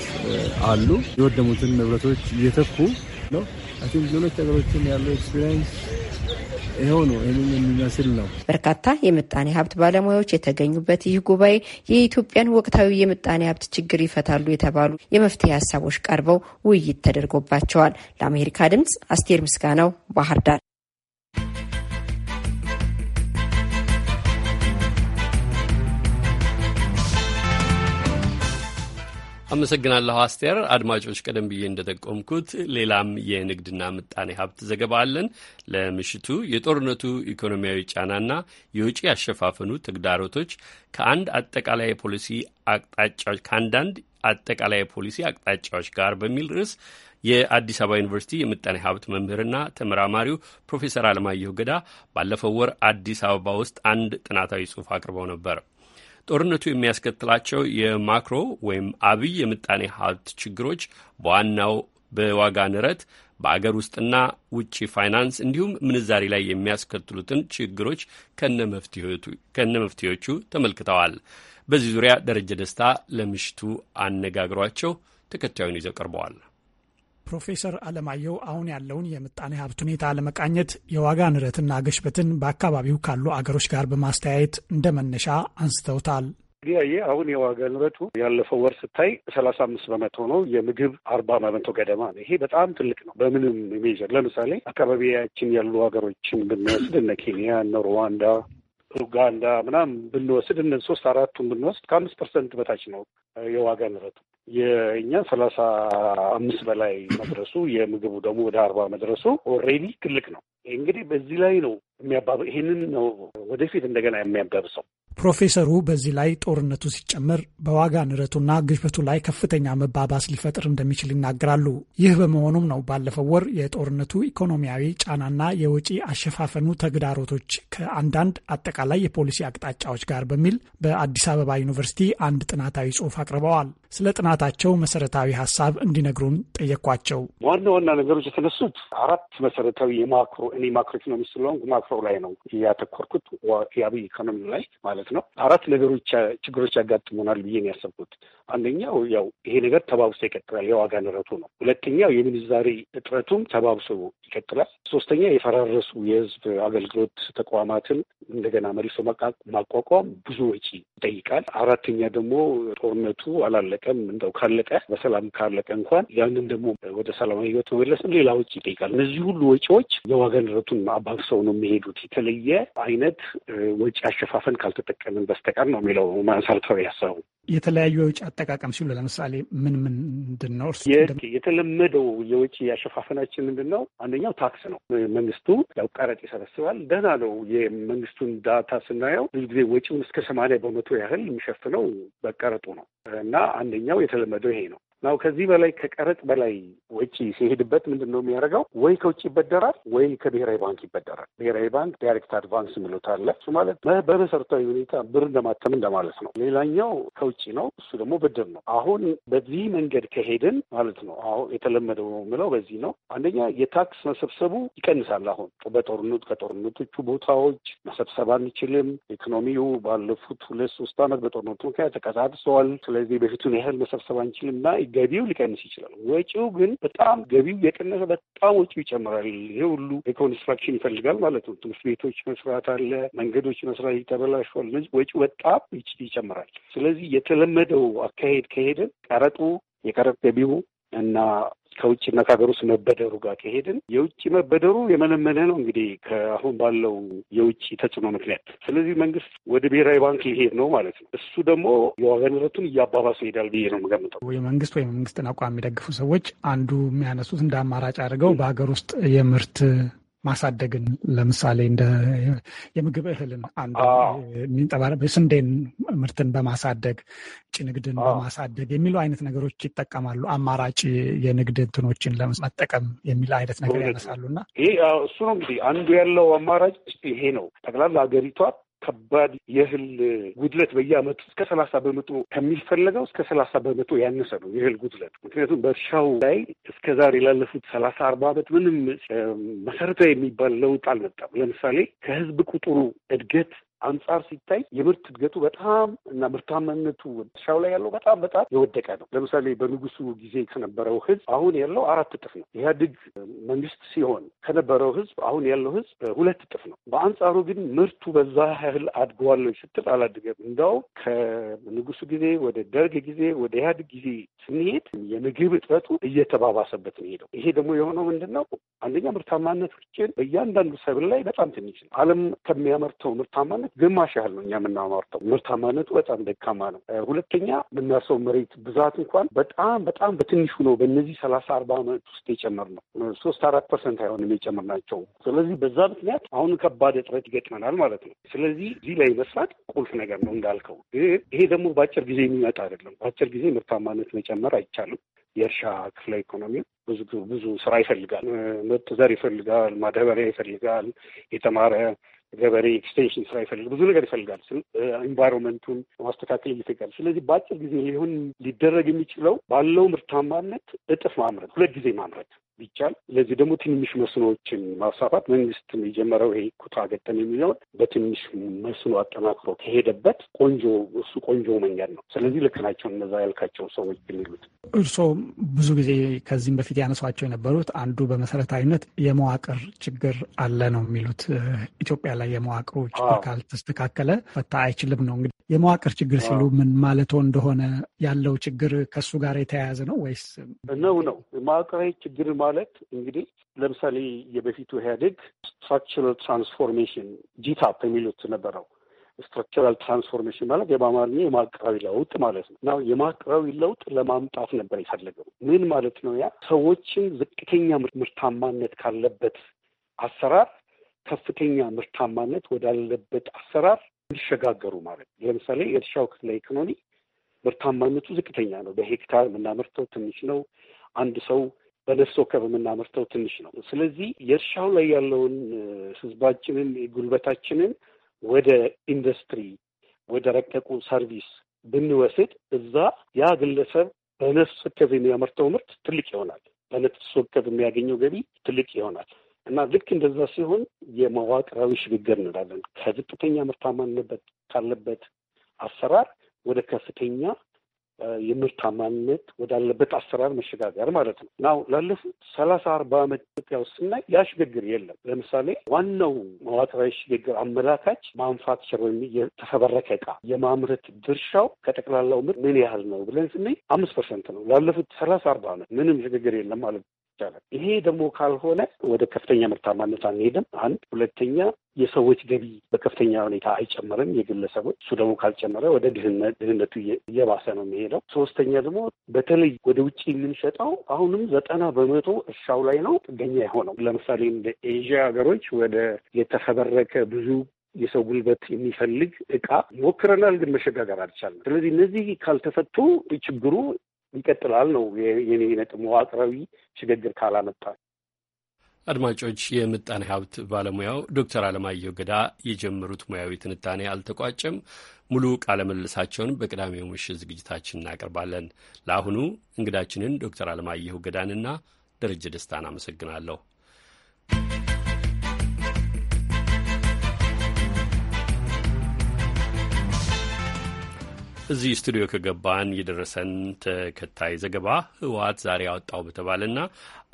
[SPEAKER 12] አሉ። የወደሙትን ንብረቶች እየተኩ ነው። አን ሌሎች ሀገሮችም
[SPEAKER 15] ያለው ኤክስፒሪየንስ ይኸው ነው። ይህንን የሚመስል ነው።
[SPEAKER 13] በርካታ የምጣኔ ሀብት ባለሙያዎች የተገኙበት ይህ ጉባኤ የኢትዮጵያን ወቅታዊ የምጣኔ ሀብት ችግር ይፈታሉ የተባሉ የመፍትሄ ሀሳቦች ቀርበው ውይይት ተደርጎባቸዋል። ለአሜሪካ ድምጽ አስቴር ምስጋናው ባህር ዳር
[SPEAKER 1] አመሰግናለሁ አስቴር። አድማጮች፣ ቀደም ብዬ እንደጠቆምኩት ሌላም የንግድና ምጣኔ ሀብት ዘገባ አለን ለምሽቱ። የጦርነቱ ኢኮኖሚያዊ ጫናና የውጪ ያሸፋፈኑ ተግዳሮቶች ከአንድ አጠቃላይ የፖሊሲ አቅጣጫዎች ከአንዳንድ አጠቃላይ የፖሊሲ አቅጣጫዎች ጋር በሚል ርዕስ የአዲስ አበባ ዩኒቨርሲቲ የምጣኔ ሀብት መምህርና ተመራማሪው ፕሮፌሰር አለማየሁ ገዳ ባለፈው ወር አዲስ አበባ ውስጥ አንድ ጥናታዊ ጽሑፍ አቅርበው ነበር። ጦርነቱ የሚያስከትላቸው የማክሮ ወይም አብይ የምጣኔ ሀብት ችግሮች በዋናው በዋጋ ንረት በአገር ውስጥና ውጭ ፋይናንስ እንዲሁም ምንዛሪ ላይ የሚያስከትሉትን ችግሮች ከነ መፍትሄዎቹ ተመልክተዋል። በዚህ ዙሪያ ደረጀ ደስታ ለምሽቱ አነጋግሯቸው ተከታዩን ይዘው ቀርበዋል።
[SPEAKER 3] ፕሮፌሰር አለማየሁ አሁን ያለውን የምጣኔ ሀብት ሁኔታ ለመቃኘት የዋጋ ንረትና ግሽበትን በአካባቢው ካሉ አገሮች ጋር በማስተያየት እንደ መነሻ አንስተውታል።
[SPEAKER 16] እንግዲህ አሁን የዋጋ ንረቱ ያለፈው ወር ስታይ ሰላሳ አምስት በመቶ ነው። የምግብ አርባ በመቶ ገደማ ነው። ይሄ በጣም ትልቅ ነው። በምንም ሜዥር ለምሳሌ አካባቢያችን ያሉ ሀገሮችን ብንወስድ እነ ኬንያ፣ እነ ሩዋንዳ ኡጋንዳ ምናምን ብንወስድ እነ ሶስት አራቱን ብንወስድ ከአምስት ፐርሰንት በታች ነው የዋጋ ንረቱ። የእኛ ሰላሳ አምስት በላይ መድረሱ የምግቡ ደግሞ ወደ አርባ መድረሱ ኦልሬዲ ትልቅ ነው። እንግዲህ በዚህ ላይ ነው የሚያባ ይህንን ነው ወደፊት እንደገና የሚያባብሰው
[SPEAKER 3] ፕሮፌሰሩ በዚህ ላይ ጦርነቱ ሲጨምር በዋጋ ንረቱና ግሽበቱ ላይ ከፍተኛ መባባስ ሊፈጥር እንደሚችል ይናገራሉ። ይህ በመሆኑም ነው ባለፈው ወር የጦርነቱ ኢኮኖሚያዊ ጫናና የወጪ አሸፋፈኑ ተግዳሮቶች ከአንዳንድ አጠቃላይ የፖሊሲ አቅጣጫዎች ጋር በሚል በአዲስ አበባ ዩኒቨርሲቲ አንድ ጥናታዊ ጽሑፍ አቅርበዋል። ስለ ጥናታቸው መሰረታዊ ሀሳብ እንዲነግሩን ጠየኳቸው።
[SPEAKER 16] ዋና ዋና ነገሮች የተነሱት አራት መሰረታዊ የማክሮ እኔ ማክሮ ኢኮኖሚ ስለሆንኩ ማክሮ ላይ ነው እያተኮርኩት የአብይ ኢኮኖሚ ላይ ማለት ማለት ነው። አራት ነገሮች ችግሮች ያጋጥሙናል ብዬ ነው ያሰብኩት። አንደኛው ያው ይሄ ነገር ተባብሶ ይቀጥላል፣ የዋጋ ንረቱ ነው። ሁለተኛው የምንዛሬ እጥረቱም ተባብሶ ይቀጥላል። ሶስተኛ የፈራረሱ የህዝብ አገልግሎት ተቋማትን እንደገና መልሶ ማቋቋም ብዙ ወጪ ይጠይቃል። አራተኛ ደግሞ ጦርነቱ አላለቀም። እንደው ካለቀ በሰላም ካለቀ እንኳን ያንን ደግሞ ወደ ሰላማዊ ህይወት መመለስም ሌላ ወጪ ይጠይቃል። እነዚህ ሁሉ ወጪዎች የዋጋ ንረቱን አባብሰው ነው የሚሄዱት። የተለየ አይነት ወጪ አሸፋፈን ካልተጠቀምን በስተቀር ነው የሚለው መሰረታዊ ያሰቡ
[SPEAKER 3] የተለያዩ የውጭ አጠቃቀም ሲሉ ለምሳሌ ምን
[SPEAKER 16] ምንድን ነው የተለመደው የውጭ ያሸፋፈናችን ምንድን ነው? አንደኛው ታክስ ነው። መንግስቱ ያው ቀረጥ ይሰበስባል። ደህና ነው። የመንግስቱን ዳታ ስናየው ብዙ ጊዜ ወጪውን እስከ ሰማንያ በመቶ ያህል የሚሸፍነው በቀረጡ ነው እና አንደኛው የተለመደው ይሄ ነው። ናው ከዚህ በላይ ከቀረጥ በላይ ወጪ ሲሄድበት ምንድን ነው የሚያደርገው? ወይ ከውጭ ይበደራል፣ ወይ ከብሔራዊ ባንክ ይበደራል። ብሔራዊ ባንክ ዳይሬክት አድቫንስ የሚሉት አለ። እሱ ማለት በመሰረታዊ ሁኔታ ብር እንደማተም እንደማለት ነው። ሌላኛው ከውጭ ነው፣ እሱ ደግሞ ብድር ነው። አሁን በዚህ መንገድ ከሄድን ማለት ነው አሁን የተለመደው ነው የምለው በዚህ ነው። አንደኛ የታክስ መሰብሰቡ ይቀንሳል። አሁን በጦርነቱ ከጦርነቶቹ ቦታዎች መሰብሰብ አንችልም። ኢኮኖሚው ባለፉት ሁለት ሶስት ዓመት በጦርነቱ ምክንያት ተቀዛቅዘዋል። ስለዚህ በፊቱን ያህል መሰብሰብ አንችልም እና ገቢው ሊቀንስ ይችላል። ወጪው ግን በጣም ገቢው የቀነሰ በጣም ወጪው ይጨምራል። ይሄ ሁሉ ሪኮንስትራክሽን ይፈልጋል ማለት ነው። ትምህርት ቤቶች መስራት አለ፣ መንገዶች መስራት ይተበላሸዋል። ስለዚህ ወጪው በጣም ይጨምራል። ስለዚህ የተለመደው አካሄድ ከሄደን ቀረጡ የቀረጥ ገቢው እና ከውጭና ከሀገር ውስጥ መበደሩ ጋር ከሄድን የውጭ መበደሩ የመለመለ ነው እንግዲህ ከአሁን ባለው የውጭ ተጽዕኖ ምክንያት። ስለዚህ መንግስት ወደ ብሔራዊ ባንክ ሊሄድ ነው ማለት ነው። እሱ ደግሞ የዋጋ ንረቱን እያባባሱ ይሄዳል ብዬ ነው የምገምጠው።
[SPEAKER 3] የመንግስት ወይም መንግስትን አቋም የሚደግፉ ሰዎች አንዱ የሚያነሱት እንደ አማራጭ አድርገው በሀገር ውስጥ የምርት ማሳደግን ለምሳሌ እንደ የምግብ እህልን አንዱ የሚንጠባረ ስንዴን ምርትን በማሳደግ ጭ ንግድን በማሳደግ የሚሉ አይነት ነገሮች ይጠቀማሉ። አማራጭ የንግድ እንትኖችን ለመጠቀም የሚል አይነት ነገር ያነሳሉ
[SPEAKER 10] እና ይህ
[SPEAKER 16] እሱ ነው እንግዲህ አንዱ ያለው አማራጭ ይሄ ነው። ጠቅላላ ሀገሪቷ ከባድ የእህል ጉድለት በየአመቱ እስከ ሰላሳ በመቶ ከሚፈለገው እስከ ሰላሳ በመቶ ያነሰ ነው የእህል ጉድለት። ምክንያቱም በእርሻው ላይ እስከ ዛሬ ላለፉት ሰላሳ አርባ አመት ምንም መሰረታዊ የሚባል ለውጥ አልመጣም። ለምሳሌ ከህዝብ ቁጥሩ እድገት አንጻር ሲታይ የምርት እድገቱ በጣም እና ምርታማነቱ እርሻው ላይ ያለው በጣም በጣም የወደቀ ነው። ለምሳሌ በንጉሱ ጊዜ ከነበረው ህዝብ አሁን ያለው አራት እጥፍ ነው። ኢህአዴግ መንግስት ሲሆን ከነበረው ህዝብ አሁን ያለው ህዝብ ሁለት እጥፍ ነው። በአንጻሩ ግን ምርቱ በዛ ያህል አድገዋል ስትል አላድገም። እንዳው ከንጉሱ ጊዜ ወደ ደርግ ጊዜ ወደ ኢህአዴግ ጊዜ ስንሄድ የምግብ እጥረቱ እየተባባሰበት ነው ሄደው። ይሄ ደግሞ የሆነው ምንድን ነው? አንደኛ ምርታማነቶችን በእያንዳንዱ ሰብል ላይ በጣም ትንሽ ነው። ከሚያመርተው ምርታማነት ግማሽ ያህል ነው እኛ የምናመርተው። ምርታማነቱ በጣም ደካማ ነው። ሁለተኛ የምናርሰው መሬት ብዛት እንኳን በጣም በጣም በትንሹ ነው። በእነዚህ ሰላሳ አርባ ዓመት ውስጥ የጨመር ነው ሶስት አራት ፐርሰንት አይሆንም የጨመር ናቸው። ስለዚህ በዛ ምክንያት አሁን ከባድ እጥረት ይገጥመናል ማለት ነው። ስለዚህ እዚህ ላይ መስራት ቁልፍ ነገር ነው እንዳልከው። ይሄ ደግሞ በአጭር ጊዜ የሚመጣ አይደለም። በአጭር ጊዜ ምርታማነት መጨመር አይቻልም። የእርሻ ክፍለ ኢኮኖሚ ብዙ ብዙ ስራ ይፈልጋል። ምርጥ ዘር ይፈልጋል። ማዳበሪያ ይፈልጋል። የተማረ ገበሬ ኤክስቴንሽን ስራ ይፈልግ ብዙ ነገር ይፈልጋል። ኢንቫይሮንመንቱን ማስተካከል ይፈልጋል። ስለዚህ በአጭር ጊዜ ሊሆን ሊደረግ የሚችለው ባለው ምርታማነት እጥፍ ማምረት፣ ሁለት ጊዜ ማምረት ቢቻል ለዚህ ደግሞ ትንሽ መስኖዎችን ማስፋፋት መንግስት የጀመረው ይሄ ኩታ ገጠም የሚለውን በትንሽ መስኖ አጠናክሮ ከሄደበት ቆንጆ እሱ ቆንጆ መንገድ ነው። ስለዚህ ልክ ናቸው እነዛ ያልካቸው ሰዎች የሚሉት።
[SPEAKER 3] እርስዎ ብዙ ጊዜ ከዚህም በፊት ያነሷቸው የነበሩት አንዱ በመሰረታዊነት የመዋቅር ችግር አለ ነው የሚሉት። ኢትዮጵያ ላይ የመዋቅሩ ችግር ካልተስተካከለ ፈታ አይችልም ነው እንግዲህ። የመዋቅር ችግር ሲሉ ምን ማለቶ እንደሆነ ያለው ችግር ከእሱ ጋር የተያያዘ ነው ወይስ
[SPEAKER 16] ነው ነው መዋቅራዊ ችግር ማለት እንግዲህ ለምሳሌ የበፊቱ ኢህአዴግ ስትራክቸራል ትራንስፎርሜሽን ጂታፕ የሚሉት ነበረው። ስትራክቸራል ትራንስፎርሜሽን ማለት የበአማርኛ የማቅራዊ ለውጥ ማለት ነው እና የማቅራዊ ለውጥ ለማምጣት ነበር የፈለገው። ምን ማለት ነው? ያ ሰዎችን ዝቅተኛ ምርታማነት ካለበት አሰራር ከፍተኛ ምርታማነት ወዳለበት አሰራር እንዲሸጋገሩ ማለት ነው። ለምሳሌ የእርሻው ክፍለ ኢኮኖሚ ምርታማነቱ ዝቅተኛ ነው። በሄክታር የምናመርተው ትንሽ ነው። አንድ ሰው በነፍስ ወከፍ የምናመርተው ትንሽ ነው። ስለዚህ የእርሻው ላይ ያለውን ህዝባችንን፣ ጉልበታችንን ወደ ኢንዱስትሪ፣ ወደ ረቀቁ ሰርቪስ ብንወስድ እዛ ያ ግለሰብ በነፍስ ወከፍ የሚያመርተው ምርት ትልቅ ይሆናል። በነፍስ ወከፍ የሚያገኘው ገቢ ትልቅ ይሆናል። እና ልክ እንደዛ ሲሆን የመዋቅራዊ ሽግግር እንላለን። ከዝቅተኛ ምርታማነት ካለበት አሰራር ወደ ከፍተኛ የምርታማነት ወዳለበት አሰራር መሸጋገር ማለት ነው ናው ላለፉት ሰላሳ አርባ ዓመት ኢትዮጵያ ውስጥ ስናይ ያ ሽግግር የለም። ለምሳሌ ዋናው መዋቅራዊ ሽግግር አመላካች ማንፋት ማንፋክቸር ወይም የተፈበረከ እቃ የማምረት ድርሻው ከጠቅላላው ምርት ምን ያህል ነው ብለን ስናይ አምስት ፐርሰንት ነው። ላለፉት ሰላሳ አርባ ዓመት ምንም ሽግግር የለም ማለት ነው። ይቻላል። ይሄ ደግሞ ካልሆነ ወደ ከፍተኛ ምርታማነት አንሄድም። አንድ ሁለተኛ የሰዎች ገቢ በከፍተኛ ሁኔታ አይጨምርም። የግለሰቦች እሱ ደግሞ ካልጨመረ ወደ ድህነቱ እየባሰ ነው የሚሄደው። ሶስተኛ ደግሞ በተለይ ወደ ውጭ የምንሸጠው አሁንም ዘጠና በመቶ እርሻው ላይ ነው ጥገኛ የሆነው። ለምሳሌ እንደ ኤዥያ ሀገሮች ወደ የተፈበረከ ብዙ የሰው ጉልበት የሚፈልግ እቃ ሞክረናል፣ ግን መሸጋገር አልቻለም። ስለዚህ እነዚህ ካልተፈቱ ችግሩ ይቀጥላል ነው የኔ ነጥብ። መዋቅራዊ ሽግግር ካላመጣ
[SPEAKER 1] አድማጮች የምጣኔ ሀብት ባለሙያው ዶክተር አለማየሁ ገዳ የጀመሩት ሙያዊ ትንታኔ አልተቋጨም። ሙሉ ቃለ ምልልሳቸውን በቅዳሜው ምሽት ዝግጅታችን እናቀርባለን። ለአሁኑ እንግዳችንን ዶክተር አለማየሁ ገዳንና ደረጀ ደስታን አመሰግናለሁ። እዚህ ስቱዲዮ ከገባን የደረሰን ተከታይ ዘገባ ህወሓት ዛሬ ያወጣው በተባለና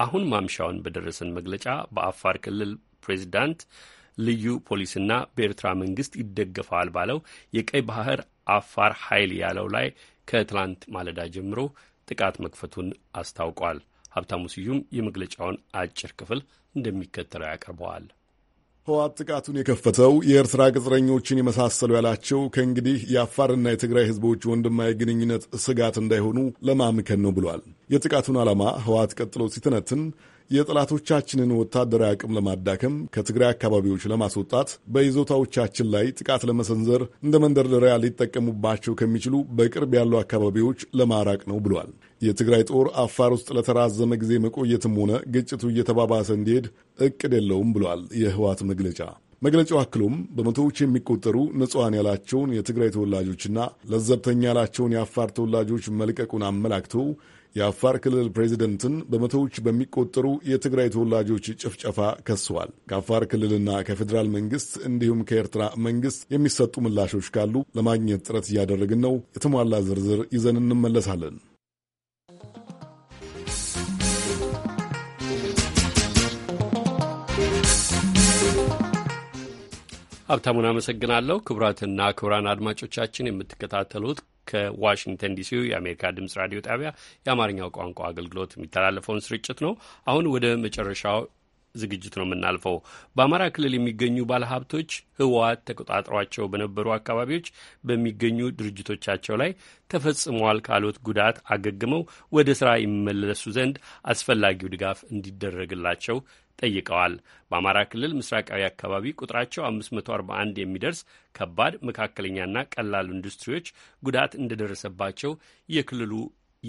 [SPEAKER 1] አሁን ማምሻውን በደረሰን መግለጫ በአፋር ክልል ፕሬዚዳንት ልዩ ፖሊስና በኤርትራ መንግስት ይደገፋል ባለው የቀይ ባህር አፋር ኃይል ያለው ላይ ከትላንት ማለዳ ጀምሮ ጥቃት መክፈቱን አስታውቋል። ሀብታሙ ስዩም የመግለጫውን አጭር ክፍል እንደሚከተለው ያቀርበዋል።
[SPEAKER 5] ህወሓት ጥቃቱን የከፈተው የኤርትራ ቅጥረኞችን የመሳሰሉ ያላቸው ከእንግዲህ የአፋርና የትግራይ ህዝቦች ወንድማዊ ግንኙነት ስጋት እንዳይሆኑ ለማምከን ነው ብሏል። የጥቃቱን ዓላማ ህወሓት ቀጥሎ ሲተነትን የጠላቶቻችንን ወታደራዊ አቅም ለማዳከም ከትግራይ አካባቢዎች ለማስወጣት በይዞታዎቻችን ላይ ጥቃት ለመሰንዘር እንደ መንደርደሪያ ሊጠቀሙባቸው ከሚችሉ በቅርብ ያሉ አካባቢዎች ለማራቅ ነው ብሏል። የትግራይ ጦር አፋር ውስጥ ለተራዘመ ጊዜ መቆየትም ሆነ ግጭቱ እየተባባሰ እንዲሄድ እቅድ የለውም ብሏል የህዋት መግለጫ። መግለጫው አክሎም በመቶዎች የሚቆጠሩ ንጹሐን ያላቸውን የትግራይ ተወላጆችና ለዘብተኛ ያላቸውን የአፋር ተወላጆች መልቀቁን አመላክተው የአፋር ክልል ፕሬዚደንትን በመቶዎች በሚቆጠሩ የትግራይ ተወላጆች ጭፍጨፋ ከሰዋል። ከአፋር ክልልና ከፌዴራል መንግስት እንዲሁም ከኤርትራ መንግስት የሚሰጡ ምላሾች ካሉ ለማግኘት ጥረት እያደረግን ነው። የተሟላ ዝርዝር ይዘን እንመለሳለን።
[SPEAKER 1] ሀብታሙን አመሰግናለሁ። ክቡራትና ክቡራን አድማጮቻችን የምትከታተሉት ከዋሽንግተን ዲሲ የአሜሪካ ድምጽ ራዲዮ ጣቢያ የአማርኛው ቋንቋ አገልግሎት የሚተላለፈውን ስርጭት ነው። አሁን ወደ መጨረሻው ዝግጅት ነው የምናልፈው። በአማራ ክልል የሚገኙ ባለሀብቶች ህወሓት ተቆጣጥሯቸው በነበሩ አካባቢዎች በሚገኙ ድርጅቶቻቸው ላይ ተፈጽሟል ካሉት ጉዳት አገግመው ወደ ስራ ይመለሱ ዘንድ አስፈላጊው ድጋፍ እንዲደረግላቸው ጠይቀዋል። በአማራ ክልል ምስራቃዊ አካባቢ ቁጥራቸው 541 የሚደርስ ከባድ መካከለኛና ቀላል ኢንዱስትሪዎች ጉዳት እንደደረሰባቸው የክልሉ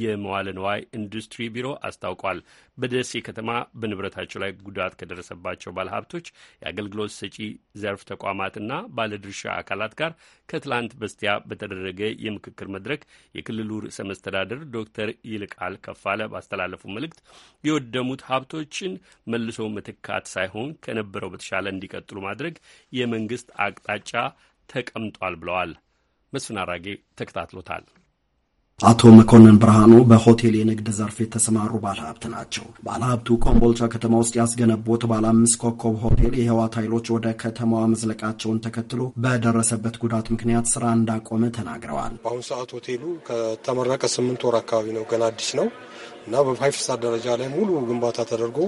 [SPEAKER 1] የመዋለ ንዋይ ኢንዱስትሪ ቢሮ አስታውቋል። በደሴ ከተማ በንብረታቸው ላይ ጉዳት ከደረሰባቸው ባለሀብቶች፣ የአገልግሎት ሰጪ ዘርፍ ተቋማትና ባለድርሻ አካላት ጋር ከትላንት በስቲያ በተደረገ የምክክር መድረክ የክልሉ ርዕሰ መስተዳደር ዶክተር ይልቃል ከፋለ ባስተላለፉ መልእክት የወደሙት ሀብቶችን መልሶ መተካት ሳይሆን ከነበረው በተሻለ እንዲቀጥሉ ማድረግ የመንግስት አቅጣጫ ተቀምጧል ብለዋል። መስፍን አራጌ ተከታትሎታል።
[SPEAKER 6] አቶ መኮንን ብርሃኑ በሆቴል የንግድ ዘርፍ የተሰማሩ ባለሀብት ናቸው። ባለሀብቱ ኮምቦልቻ ከተማ ውስጥ ያስገነቡት ባለ አምስት ኮከብ ሆቴል የህወሓት ኃይሎች ወደ ከተማዋ መዝለቃቸውን ተከትሎ በደረሰበት ጉዳት ምክንያት ስራ እንዳቆመ ተናግረዋል።
[SPEAKER 17] በአሁኑ ሰዓት ሆቴሉ ከተመረቀ ስምንት ወር አካባቢ ነው፣ ገና አዲስ ነው እና በፋይፍ ስታር ደረጃ ላይ ሙሉ ግንባታ ተደርጎ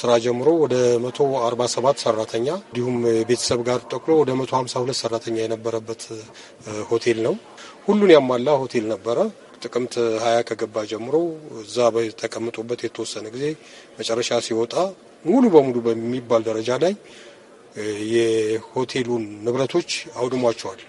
[SPEAKER 17] ስራ ጀምሮ ወደ 147 ሰራተኛ እንዲሁም ቤተሰብ ጋር ጠቅሎ ወደ 152 ሰራተኛ የነበረበት ሆቴል ነው። ሁሉን ያሟላ ሆቴል ነበረ። ጥቅምት ሀያ ከገባ ጀምሮ እዛ በተቀምጦበት የተወሰነ ጊዜ መጨረሻ ሲወጣ ሙሉ በሙሉ በሚባል ደረጃ ላይ የሆቴሉን ንብረቶች አውድሟቸዋል።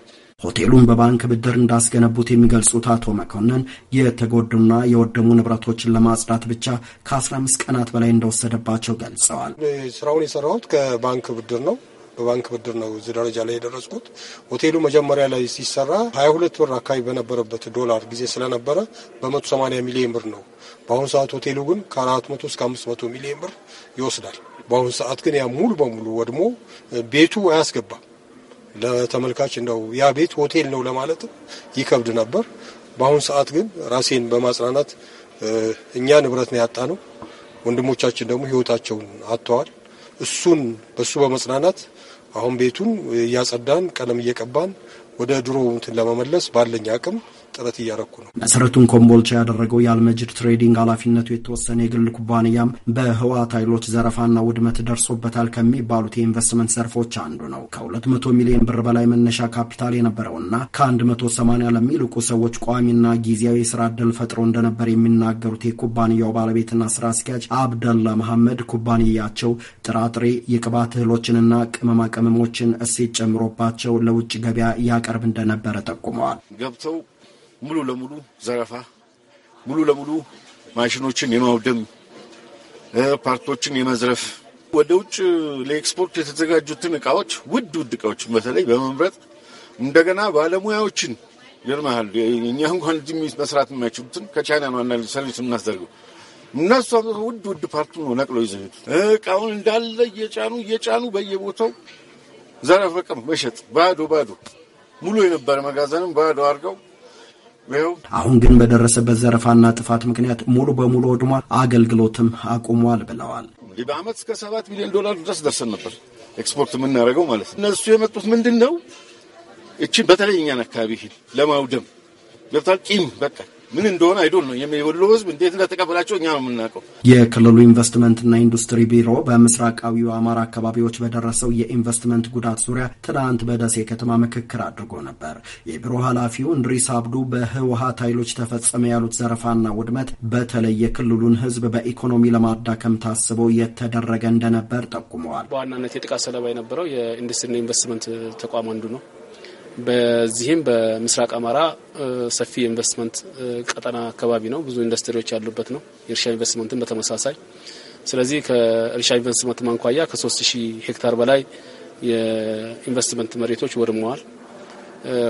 [SPEAKER 6] ሆቴሉን በባንክ ብድር እንዳስገነቡት የሚገልጹት አቶ መኮንን የተጎዱና የወደሙ ንብረቶችን ለማጽዳት ብቻ ከ15 ቀናት በላይ እንደወሰደባቸው ገልጸዋል።
[SPEAKER 17] ስራውን የሰራሁት ከባንክ ብድር ነው። በባንክ ብድር ነው እዚህ ደረጃ ላይ የደረስኩት። ሆቴሉ መጀመሪያ ላይ ሲሰራ 22 ብር አካባቢ በነበረበት ዶላር ጊዜ ስለነበረ በ180 ሚሊዮን ብር ነው። በአሁኑ ሰዓት ሆቴሉ ግን ከ400 እስከ 500 ሚሊዮን ብር ይወስዳል። በአሁኑ ሰዓት ግን ያ ሙሉ በሙሉ ወድሞ ቤቱ አያስገባም። ለተመልካች እንደው ያ ቤት ሆቴል ነው ለማለት ይከብድ ነበር። በአሁኑ ሰዓት ግን ራሴን በማጽናናት እኛ ንብረት ነው ያጣ ነው፣ ወንድሞቻችን ደግሞ ህይወታቸውን አጥተዋል። እሱን በሱ በመጽናናት አሁን ቤቱን እያጸዳን ቀለም እየቀባን ወደ ድሮ እንትን ለመመለስ ባለኝ አቅም ጥረት እያረኩ
[SPEAKER 6] ነው። መሰረቱን ኮምቦልቻ ያደረገው የአልመጅድ ትሬዲንግ ኃላፊነቱ የተወሰነ የግል ኩባንያም በህወሓት ኃይሎች ዘረፋና ውድመት ደርሶበታል ከሚባሉት የኢንቨስትመንት ዘርፎች አንዱ ነው። ከ200 ሚሊዮን ብር በላይ መነሻ ካፒታል የነበረውና ከ180 ለሚልቁ ሰዎች ቋሚና ጊዜያዊ የስራ እድል ፈጥሮ እንደነበር የሚናገሩት የኩባንያው ባለቤትና ስራ አስኪያጅ አብደላ መሐመድ ኩባንያቸው ጥራጥሬ፣ የቅባት እህሎችንና ቅመማ ቅመሞችን እሴት ጨምሮባቸው ለውጭ ገበያ ያቀርብ እንደነበረ ጠቁመዋል።
[SPEAKER 9] ገብተው ሙሉ ለሙሉ ዘረፋ፣ ሙሉ ለሙሉ ማሽኖችን የማውደም ፓርቶችን የመዝረፍ ወደ ውጭ ለኤክስፖርት የተዘጋጁትን እቃዎች ውድ ውድ እቃዎችን በተለይ በመምረጥ እንደገና ባለሙያዎችን ይገርምሃል፣ እኛ እንኳን እዚህ መስራት የማይችሉትን ከቻይና ነው አንዳንድ ሰርቪስ የምናስደርገው። እነሱ ውድ ውድ ፓርቱ ነው ነቅሎ ይዘው እቃውን እንዳለ እየጫኑ እየጫኑ በየቦታው ዘረፈ፣ መሸጥ ባዶ ባዶ ሙሉ የነበረ መጋዘንም ባዶ አድርገው
[SPEAKER 6] አሁን ግን በደረሰበት ዘረፋና ጥፋት ምክንያት ሙሉ በሙሉ ወድሟል፣ አገልግሎትም አቁሟል ብለዋል።
[SPEAKER 9] በአመት እስከ ሰባት ሚሊዮን ዶላር ድረስ ደርሰን ነበር ኤክስፖርት የምናደርገው ማለት ነው። እነሱ የመጡት ምንድን ነው? እቺን በተለይ እኛን አካባቢ ለማውደም ገብታል። ቂም በቃ ምን እንደሆነ አይዶን ነው የወሎ ህዝብ እንዴት እንደተቀበላቸው እኛ ነው የምናውቀው።
[SPEAKER 6] የክልሉ ኢንቨስትመንትና ኢንዱስትሪ ቢሮ በምስራቃዊው አማራ አካባቢዎች በደረሰው የኢንቨስትመንት ጉዳት ዙሪያ ትናንት በደሴ ከተማ ምክክር አድርጎ ነበር። የቢሮ ኃላፊው እንድሪስ አብዱ በህወሀት ኃይሎች ተፈጸመ ያሉት ዘረፋና ውድመት በተለይ የክልሉን ህዝብ በኢኮኖሚ ለማዳከም ታስቦ የተደረገ እንደነበር
[SPEAKER 15] ጠቁመዋል። በዋናነት የጥቃት ሰለባ የነበረው የኢንዱስትሪና ኢንቨስትመንት ተቋም አንዱ ነው። በዚህም በምስራቅ አማራ ሰፊ የኢንቨስትመንት ቀጠና አካባቢ ነው። ብዙ ኢንዱስትሪዎች ያሉበት ነው። የእርሻ ኢንቨስትመንትን በተመሳሳይ ስለዚህ ከእርሻ ኢንቨስትመንት ማንኳያ ከ3000 ሄክታር በላይ የኢንቨስትመንት መሬቶች ወድመዋል።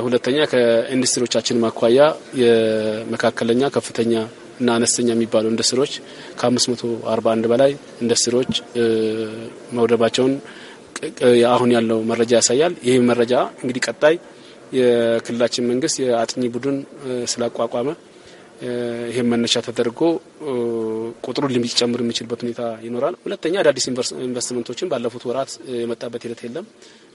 [SPEAKER 15] ሁለተኛ ከኢንዱስትሪዎቻችን ማኳያ የመካከለኛ ከፍተኛ እና አነስተኛ የሚባሉ ኢንዱስትሪዎች ከ541 በላይ ኢንዱስትሪዎች መውደባቸውን አሁን ያለው መረጃ ያሳያል። ይህ መረጃ እንግዲህ ቀጣይ የክልላችን መንግስት የአጥኚ ቡድን ስላቋቋመ ይህም መነሻ ተደርጎ ቁጥሩ ሊጨምር የሚችልበት ሁኔታ ይኖራል። ሁለተኛ አዳዲስ ኢንቨስትመንቶችን ባለፉት ወራት የመጣበት ሂደት የለም።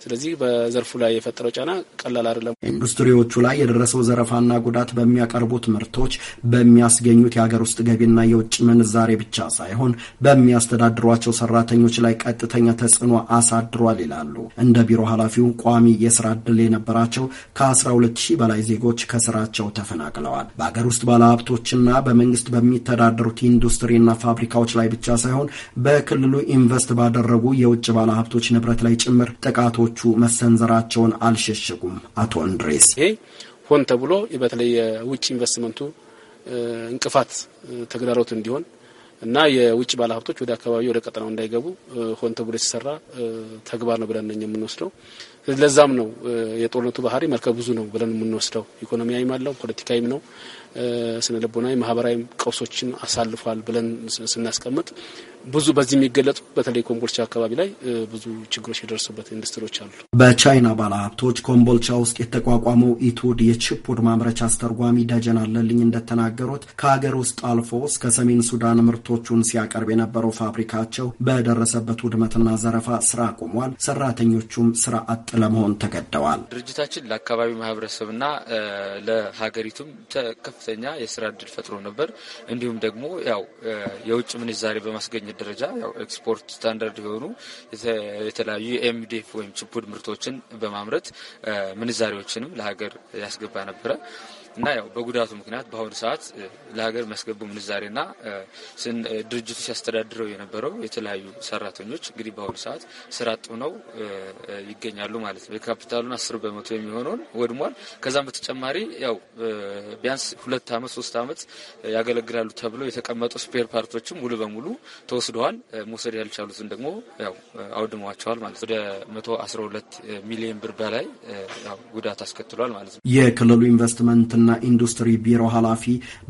[SPEAKER 15] ስለዚህ በዘርፉ ላይ የፈጠረው ጫና ቀላል አይደለም።
[SPEAKER 6] ኢንዱስትሪዎቹ ላይ የደረሰው ዘረፋና ጉዳት በሚያቀርቡት ምርቶች በሚያስገኙት የሀገር ውስጥ ገቢና የውጭ ምንዛሬ ብቻ ሳይሆን በሚያስተዳድሯቸው ሰራተኞች ላይ ቀጥተኛ ተጽዕኖ አሳድሯል ይላሉ። እንደ ቢሮ ኃላፊው ቋሚ የስራ እድል የነበራቸው ከ12 ሺህ በላይ ዜጎች ከስራቸው ተፈናቅለዋል። በሀገር ውስጥ ባለሀብቶችና በመንግስት በሚተዳደሩት ኢንዱስትሪና ፋብሪካዎች ላይ ብቻ ሳይሆን በክልሉ ኢንቨስት ባደረጉ የውጭ ባለሀብቶች ንብረት ላይ ጭምር ጥቃቶች ጥቃቶቹ መሰንዘራቸውን አልሸሸጉም። አቶ እንድሬስ
[SPEAKER 15] ይሄ ሆን ተብሎ በተለይ የውጭ ኢንቨስትመንቱ እንቅፋት ተግዳሮት እንዲሆን እና የውጭ ባለሀብቶች ወደ አካባቢ ወደ ቀጠናው እንዳይገቡ ሆን ተብሎ የተሰራ ተግባር ነው ብለን የምንወስደው። ለዛም ነው የጦርነቱ ባህሪ መልከ ብዙ ነው ብለን የምንወስደው። ኢኮኖሚያዊም አለው፣ ፖለቲካዊም ነው፣ ስነ ልቦናዊ ማህበራዊም ቀውሶችን አሳልፏል ብለን ስናስቀምጥ ብዙ በዚህ የሚገለጡ በተለይ ኮምቦልቻ አካባቢ ላይ ብዙ ችግሮች የደረሱበት ኢንዱስትሪዎች አሉ።
[SPEAKER 6] በቻይና ባለሀብቶች ኮምቦልቻ ውስጥ የተቋቋመው ኢቱድ የችፑድ ማምረቻ አስተርጓሚ ደጀን አለልኝ እንደተናገሩት ከሀገር ውስጥ አልፎ እስከ ሰሜን ሱዳን ምርቶቹን ሲያቀርብ የነበረው ፋብሪካቸው በደረሰበት ውድመትና ዘረፋ ስራ አቁሟል። ሰራተኞቹም ስራ አጥ ለመሆን ተገደዋል።
[SPEAKER 12] ድርጅታችን ለአካባቢ ማህበረሰብና ለሀገሪቱም ከፍተኛ የስራ እድል ፈጥሮ ነበር። እንዲሁም ደግሞ ያው የውጭ ምንዛሬ በማስገኘ በማግኘት ደረጃ ያው ኤክስፖርት ስታንዳርድ የሆኑ የተለያዩ የኤምዲኤፍ ወይም ችፑድ ምርቶችን በማምረት ምንዛሪዎችንም ለሀገር ያስገባ ነበረ። እና ያው በጉዳቱ ምክንያት በአሁኑ ሰዓት ለሀገር የሚያስገቡ ምንዛሬና ድርጅቱ ሲያስተዳድረው የነበረው የተለያዩ ሰራተኞች እንግዲህ በአሁኑ ሰዓት ስራ አጥ ሆነው ይገኛሉ ማለት ነው። የካፒታሉን አስር በመቶ የሚሆነውን ወድሟል። ከዛም በተጨማሪ ያው ቢያንስ ሁለት አመት ሶስት አመት ያገለግላሉ ተብሎ የተቀመጡ ስፔር ፓርቶችም ሙሉ በሙሉ ተወስደዋል። መውሰድ ያልቻሉትን ደግሞ ያው አውድመዋቸዋል ማለት ወደ ሁለት ሚሊዮን ብር በላይ ጉዳት አስከትሏል ማለት ነው። የክልሉ
[SPEAKER 6] ኢንቨስትመንትና ንግድና ኢንዱስትሪ ቢሮ ኃላፊ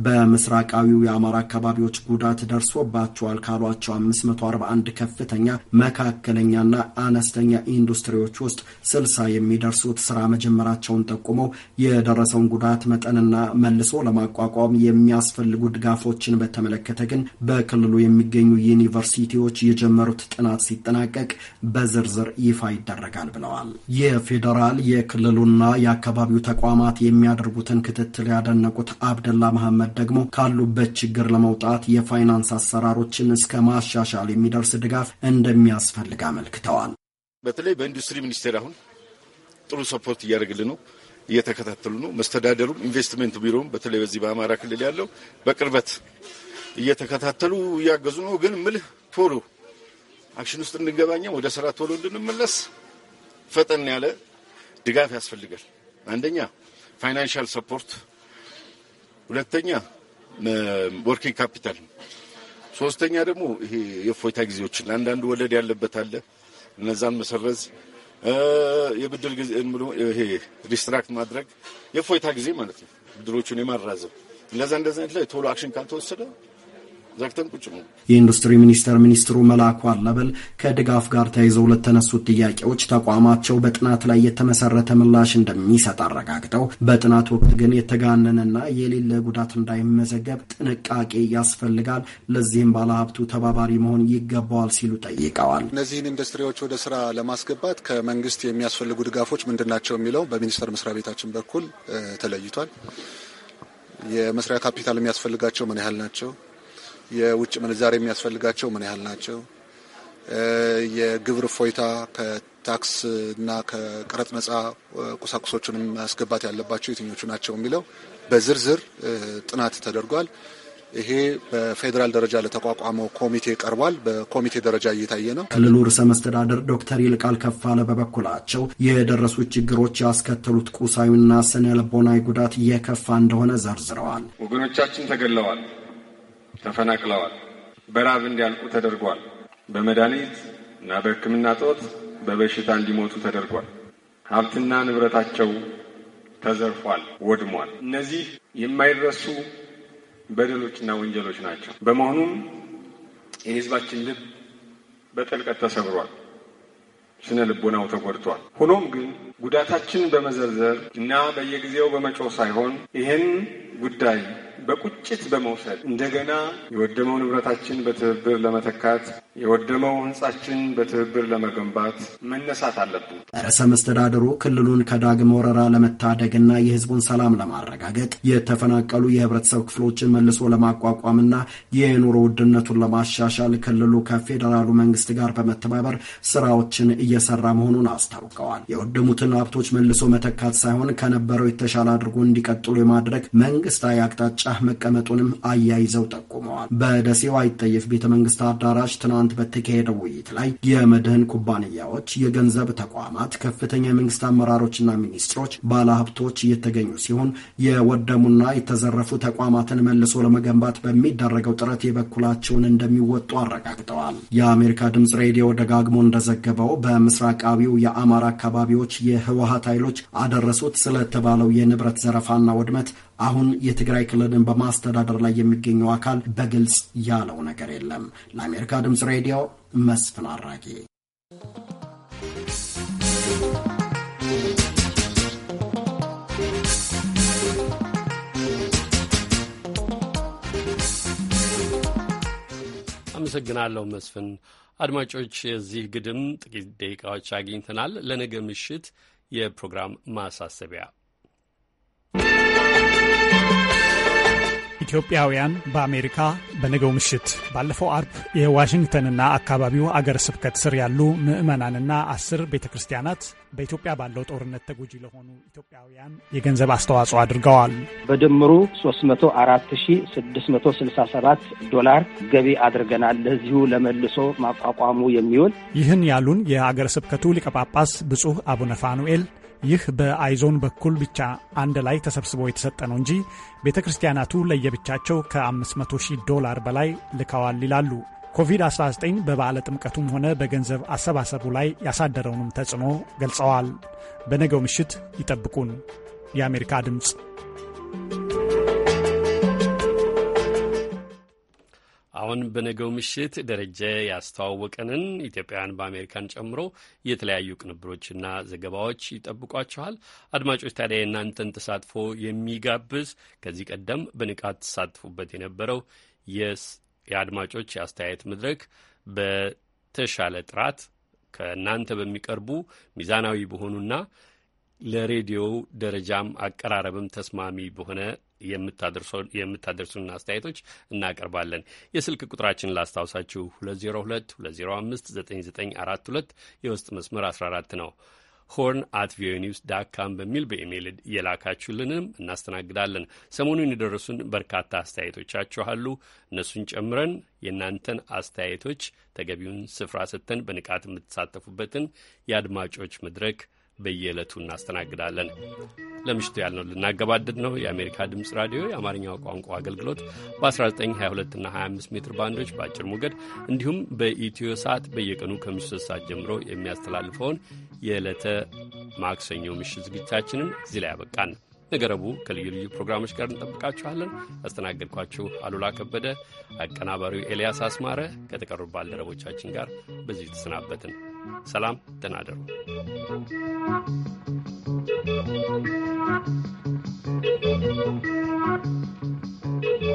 [SPEAKER 6] በምስራቃዊው የአማራ አካባቢዎች ጉዳት ደርሶባቸዋል ካሏቸው 541 ከፍተኛ መካከለኛና አነስተኛ ኢንዱስትሪዎች ውስጥ 60 የሚደርሱት ስራ መጀመራቸውን ጠቁመው የደረሰውን ጉዳት መጠንና መልሶ ለማቋቋም የሚያስፈልጉ ድጋፎችን በተመለከተ ግን በክልሉ የሚገኙ ዩኒቨርሲቲዎች የጀመሩት ጥናት ሲጠናቀቅ በዝርዝር ይፋ ይደረጋል ብለዋል። የፌዴራል የክልሉና የአካባቢው ተቋማት የሚያደርጉትን ክትትል ምክትል ያደነቁት አብደላ መሐመድ ደግሞ ካሉበት ችግር ለመውጣት የፋይናንስ አሰራሮችን እስከ ማሻሻል የሚደርስ ድጋፍ እንደሚያስፈልግ አመልክተዋል።
[SPEAKER 9] በተለይ በኢንዱስትሪ ሚኒስቴር አሁን ጥሩ ሰፖርት እያደረግልን ነው፣ እየተከታተሉ ነው። መስተዳደሩም ኢንቨስትመንት ቢሮም በተለይ በዚህ በአማራ ክልል ያለው በቅርበት እየተከታተሉ እያገዙ ነው። ግን ምልህ ቶሎ አክሽን ውስጥ እንድንገባኛም ወደ ስራ ቶሎ እንድንመለስ ፈጠን ያለ ድጋፍ ያስፈልጋል። አንደኛ ፋይናንሻል ሰፖርት፣ ሁለተኛ ወርኪንግ ካፒታል፣ ሶስተኛ ደግሞ ይሄ የእፎይታ ጊዜዎችን አንዳንድ ወለድ ያለበት አለ። እነዛን መሰረዝ፣ የብድር ጊዜ ይሄ ሪስትራክት ማድረግ የእፎይታ ጊዜ ማለት ነው፣ ብድሮቹን የማራዘም እንደዛ እንደዛ ላይ ቶሎ አክሽን ካልተወሰደ ዘግተን ቁጭ
[SPEAKER 6] የኢንዱስትሪ ሚኒስቴር ሚኒስትሩ መላኩ አለበል ከድጋፍ ጋር ተይዘው ለተነሱት ጥያቄዎች ተቋማቸው በጥናት ላይ የተመሰረተ ምላሽ እንደሚሰጥ አረጋግጠው በጥናት ወቅት ግን የተጋነነና የሌለ ጉዳት እንዳይመዘገብ ጥንቃቄ ያስፈልጋል፣ ለዚህም ባለሀብቱ ተባባሪ መሆን ይገባዋል ሲሉ ጠይቀዋል።
[SPEAKER 17] እነዚህን ኢንዱስትሪዎች ወደ ስራ ለማስገባት ከመንግስት የሚያስፈልጉ ድጋፎች ምንድን ናቸው የሚለው በሚኒስቴር መስሪያ ቤታችን በኩል ተለይቷል። የመስሪያ ካፒታል የሚያስፈልጋቸው ምን ያህል ናቸው? የውጭ ምንዛሪ የሚያስፈልጋቸው ምን ያህል ናቸው፣ የግብር እፎይታ ከታክስ እና ከቀረጥ ነጻ ቁሳቁሶቹን ማስገባት ያለባቸው የትኞቹ ናቸው የሚለው በዝርዝር ጥናት ተደርጓል። ይሄ በፌዴራል ደረጃ ለተቋቋመው ኮሚቴ ቀርቧል። በኮሚቴ ደረጃ እየታየ ነው። ክልሉ
[SPEAKER 6] ርዕሰ መስተዳደር ዶክተር ይልቃል ከፋለ በበኩላቸው የደረሱት ችግሮች ያስከተሉት ቁሳዊና ስነ ልቦናዊ ጉዳት እየከፋ እንደሆነ ዘርዝረዋል።
[SPEAKER 12] ወገኖቻችን ተገለዋል። ተፈናቅለዋል። በራብ እንዲያልቁ ተደርጓል። በመድኃኒት እና በሕክምና ጦት በበሽታ እንዲሞቱ ተደርጓል። ሀብትና ንብረታቸው ተዘርፏል፣ ወድሟል። እነዚህ የማይረሱ በደሎችና ወንጀሎች ናቸው። በመሆኑም የህዝባችን ልብ በጥልቀት ተሰብሯል፣ ስነ ልቦናው ተጎድቷል። ሆኖም ግን ጉዳታችን በመዘርዘር እና በየጊዜው በመጮህ ሳይሆን ይህን ጉዳይ በቁጭት በመውሰድ እንደገና የወደመው ንብረታችን በትብብር ለመተካት የወደመው ህንጻችን በትብብር ለመገንባት መነሳት አለብን።
[SPEAKER 6] ርዕሰ መስተዳድሩ ክልሉን ከዳግም ወረራ ለመታደግና የህዝቡን ሰላም ለማረጋገጥ የተፈናቀሉ የህብረተሰብ ክፍሎችን መልሶ ለማቋቋምና የኑሮ ውድነቱን ለማሻሻል ክልሉ ከፌዴራሉ መንግስት ጋር በመተባበር ስራዎችን እየሰራ መሆኑን አስታውቀዋል። የወደሙትን ሀብቶች መልሶ መተካት ሳይሆን ከነበረው የተሻለ አድርጎ እንዲቀጥሉ የማድረግ መንግስታዊ አቅጣጫ መቀመጡንም አያይዘው ጠቁመዋል። በደሴው አይጠየፍ ቤተ መንግስት አዳራሽ ትናንት በተካሄደው ውይይት ላይ የመድህን ኩባንያዎች፣ የገንዘብ ተቋማት፣ ከፍተኛ የመንግስት አመራሮችና ሚኒስትሮች፣ ባለሀብቶች እየተገኙ ሲሆን የወደሙና የተዘረፉ ተቋማትን መልሶ ለመገንባት በሚደረገው ጥረት የበኩላቸውን እንደሚወጡ አረጋግጠዋል። የአሜሪካ ድምጽ ሬዲዮ ደጋግሞ እንደዘገበው በምስራቃዊው የአማራ አካባቢዎች የህወሀት ኃይሎች አደረሱት ስለተባለው የንብረት ዘረፋና ውድመት አሁን የትግራይ ክልልን በማስተዳደር ላይ የሚገኘው አካል በግልጽ ያለው ነገር የለም። ለአሜሪካ ድምፅ ሬዲዮ መስፍን አራጌ።
[SPEAKER 1] አመሰግናለሁ መስፍን። አድማጮች የዚህ ግድም ጥቂት ደቂቃዎች አግኝተናል። ለነገ ምሽት የፕሮግራም ማሳሰቢያ
[SPEAKER 3] ኢትዮጵያውያን በአሜሪካ በነገው ምሽት ባለፈው አርብ የዋሽንግተንና አካባቢው አገረ ስብከት ስር ያሉ ምዕመናንና አስር ቤተ ክርስቲያናት በኢትዮጵያ ባለው ጦርነት ተጎጂ ለሆኑ ኢትዮጵያውያን የገንዘብ አስተዋጽኦ አድርገዋል።
[SPEAKER 2] በድምሩ 304667 ዶላር ገቢ አድርገናል ለዚሁ ለመልሶ ማቋቋሙ የሚውል
[SPEAKER 3] ይህን ያሉን የአገረ ስብከቱ ሊቀጳጳስ ጳጳስ ብፁህ አቡነ ፋኑኤል ይህ በአይዞን በኩል ብቻ አንድ ላይ ተሰብስቦ የተሰጠ ነው እንጂ ቤተ ክርስቲያናቱ ለየብቻቸው ከ500 ሺህ ዶላር በላይ ልከዋል ይላሉ። ኮቪድ-19 በበዓለ ጥምቀቱም ሆነ በገንዘብ አሰባሰቡ ላይ ያሳደረውንም ተጽዕኖ ገልጸዋል። በነገው ምሽት ይጠብቁን። የአሜሪካ ድምፅ
[SPEAKER 1] አሁን በነገው ምሽት ደረጀ ያስተዋወቀንን ኢትዮጵያውያን በአሜሪካን ጨምሮ የተለያዩ ቅንብሮችና ዘገባዎች ይጠብቋችኋል። አድማጮች ታዲያ የእናንተን ተሳትፎ የሚጋብዝ ከዚህ ቀደም በንቃት ተሳትፉበት የነበረው የአድማጮች የአስተያየት መድረክ በተሻለ ጥራት ከእናንተ በሚቀርቡ ሚዛናዊ በሆኑና ለሬዲዮው ደረጃም አቀራረብም ተስማሚ በሆነ የምታደርሱን አስተያየቶች እናቀርባለን። የስልክ ቁጥራችን ላስታውሳችሁ 2022059942 የውስጥ መስመር 14 ነው። ሆርን አት ቪኦኤ ኒውስ ዳት ካም በሚል በኢሜይል የላካችሁልንም እናስተናግዳለን። ሰሞኑን የደረሱን በርካታ አስተያየቶቻችሁ አሉ። እነሱን ጨምረን የእናንተን አስተያየቶች ተገቢውን ስፍራ ሰጥተን በንቃት የምትሳተፉበትን የአድማጮች መድረክ በየዕለቱ እናስተናግዳለን። ለምሽቱ ያልነው ልናገባድድ ነው። የአሜሪካ ድምፅ ራዲዮ የአማርኛው ቋንቋ አገልግሎት በ1922 እና 25 ሜትር ባንዶች በአጭር ሞገድ እንዲሁም በኢትዮ ሰዓት በየቀኑ ከምሽቱ ሰዓት ጀምሮ የሚያስተላልፈውን የዕለተ ማክሰኞ ምሽት ዝግጅታችንን እዚህ ላይ ያበቃን። ነገ ረቡዕ ከልዩ ልዩ ፕሮግራሞች ጋር እንጠብቃችኋለን። ያስተናገድኳችሁ አሉላ ከበደ፣ አቀናባሪው ኤልያስ አስማረ ከተቀሩ ባልደረቦቻችን ጋር በዚሁ ተሰናበትን። ሰላም፣ ደህና
[SPEAKER 15] እደሩ።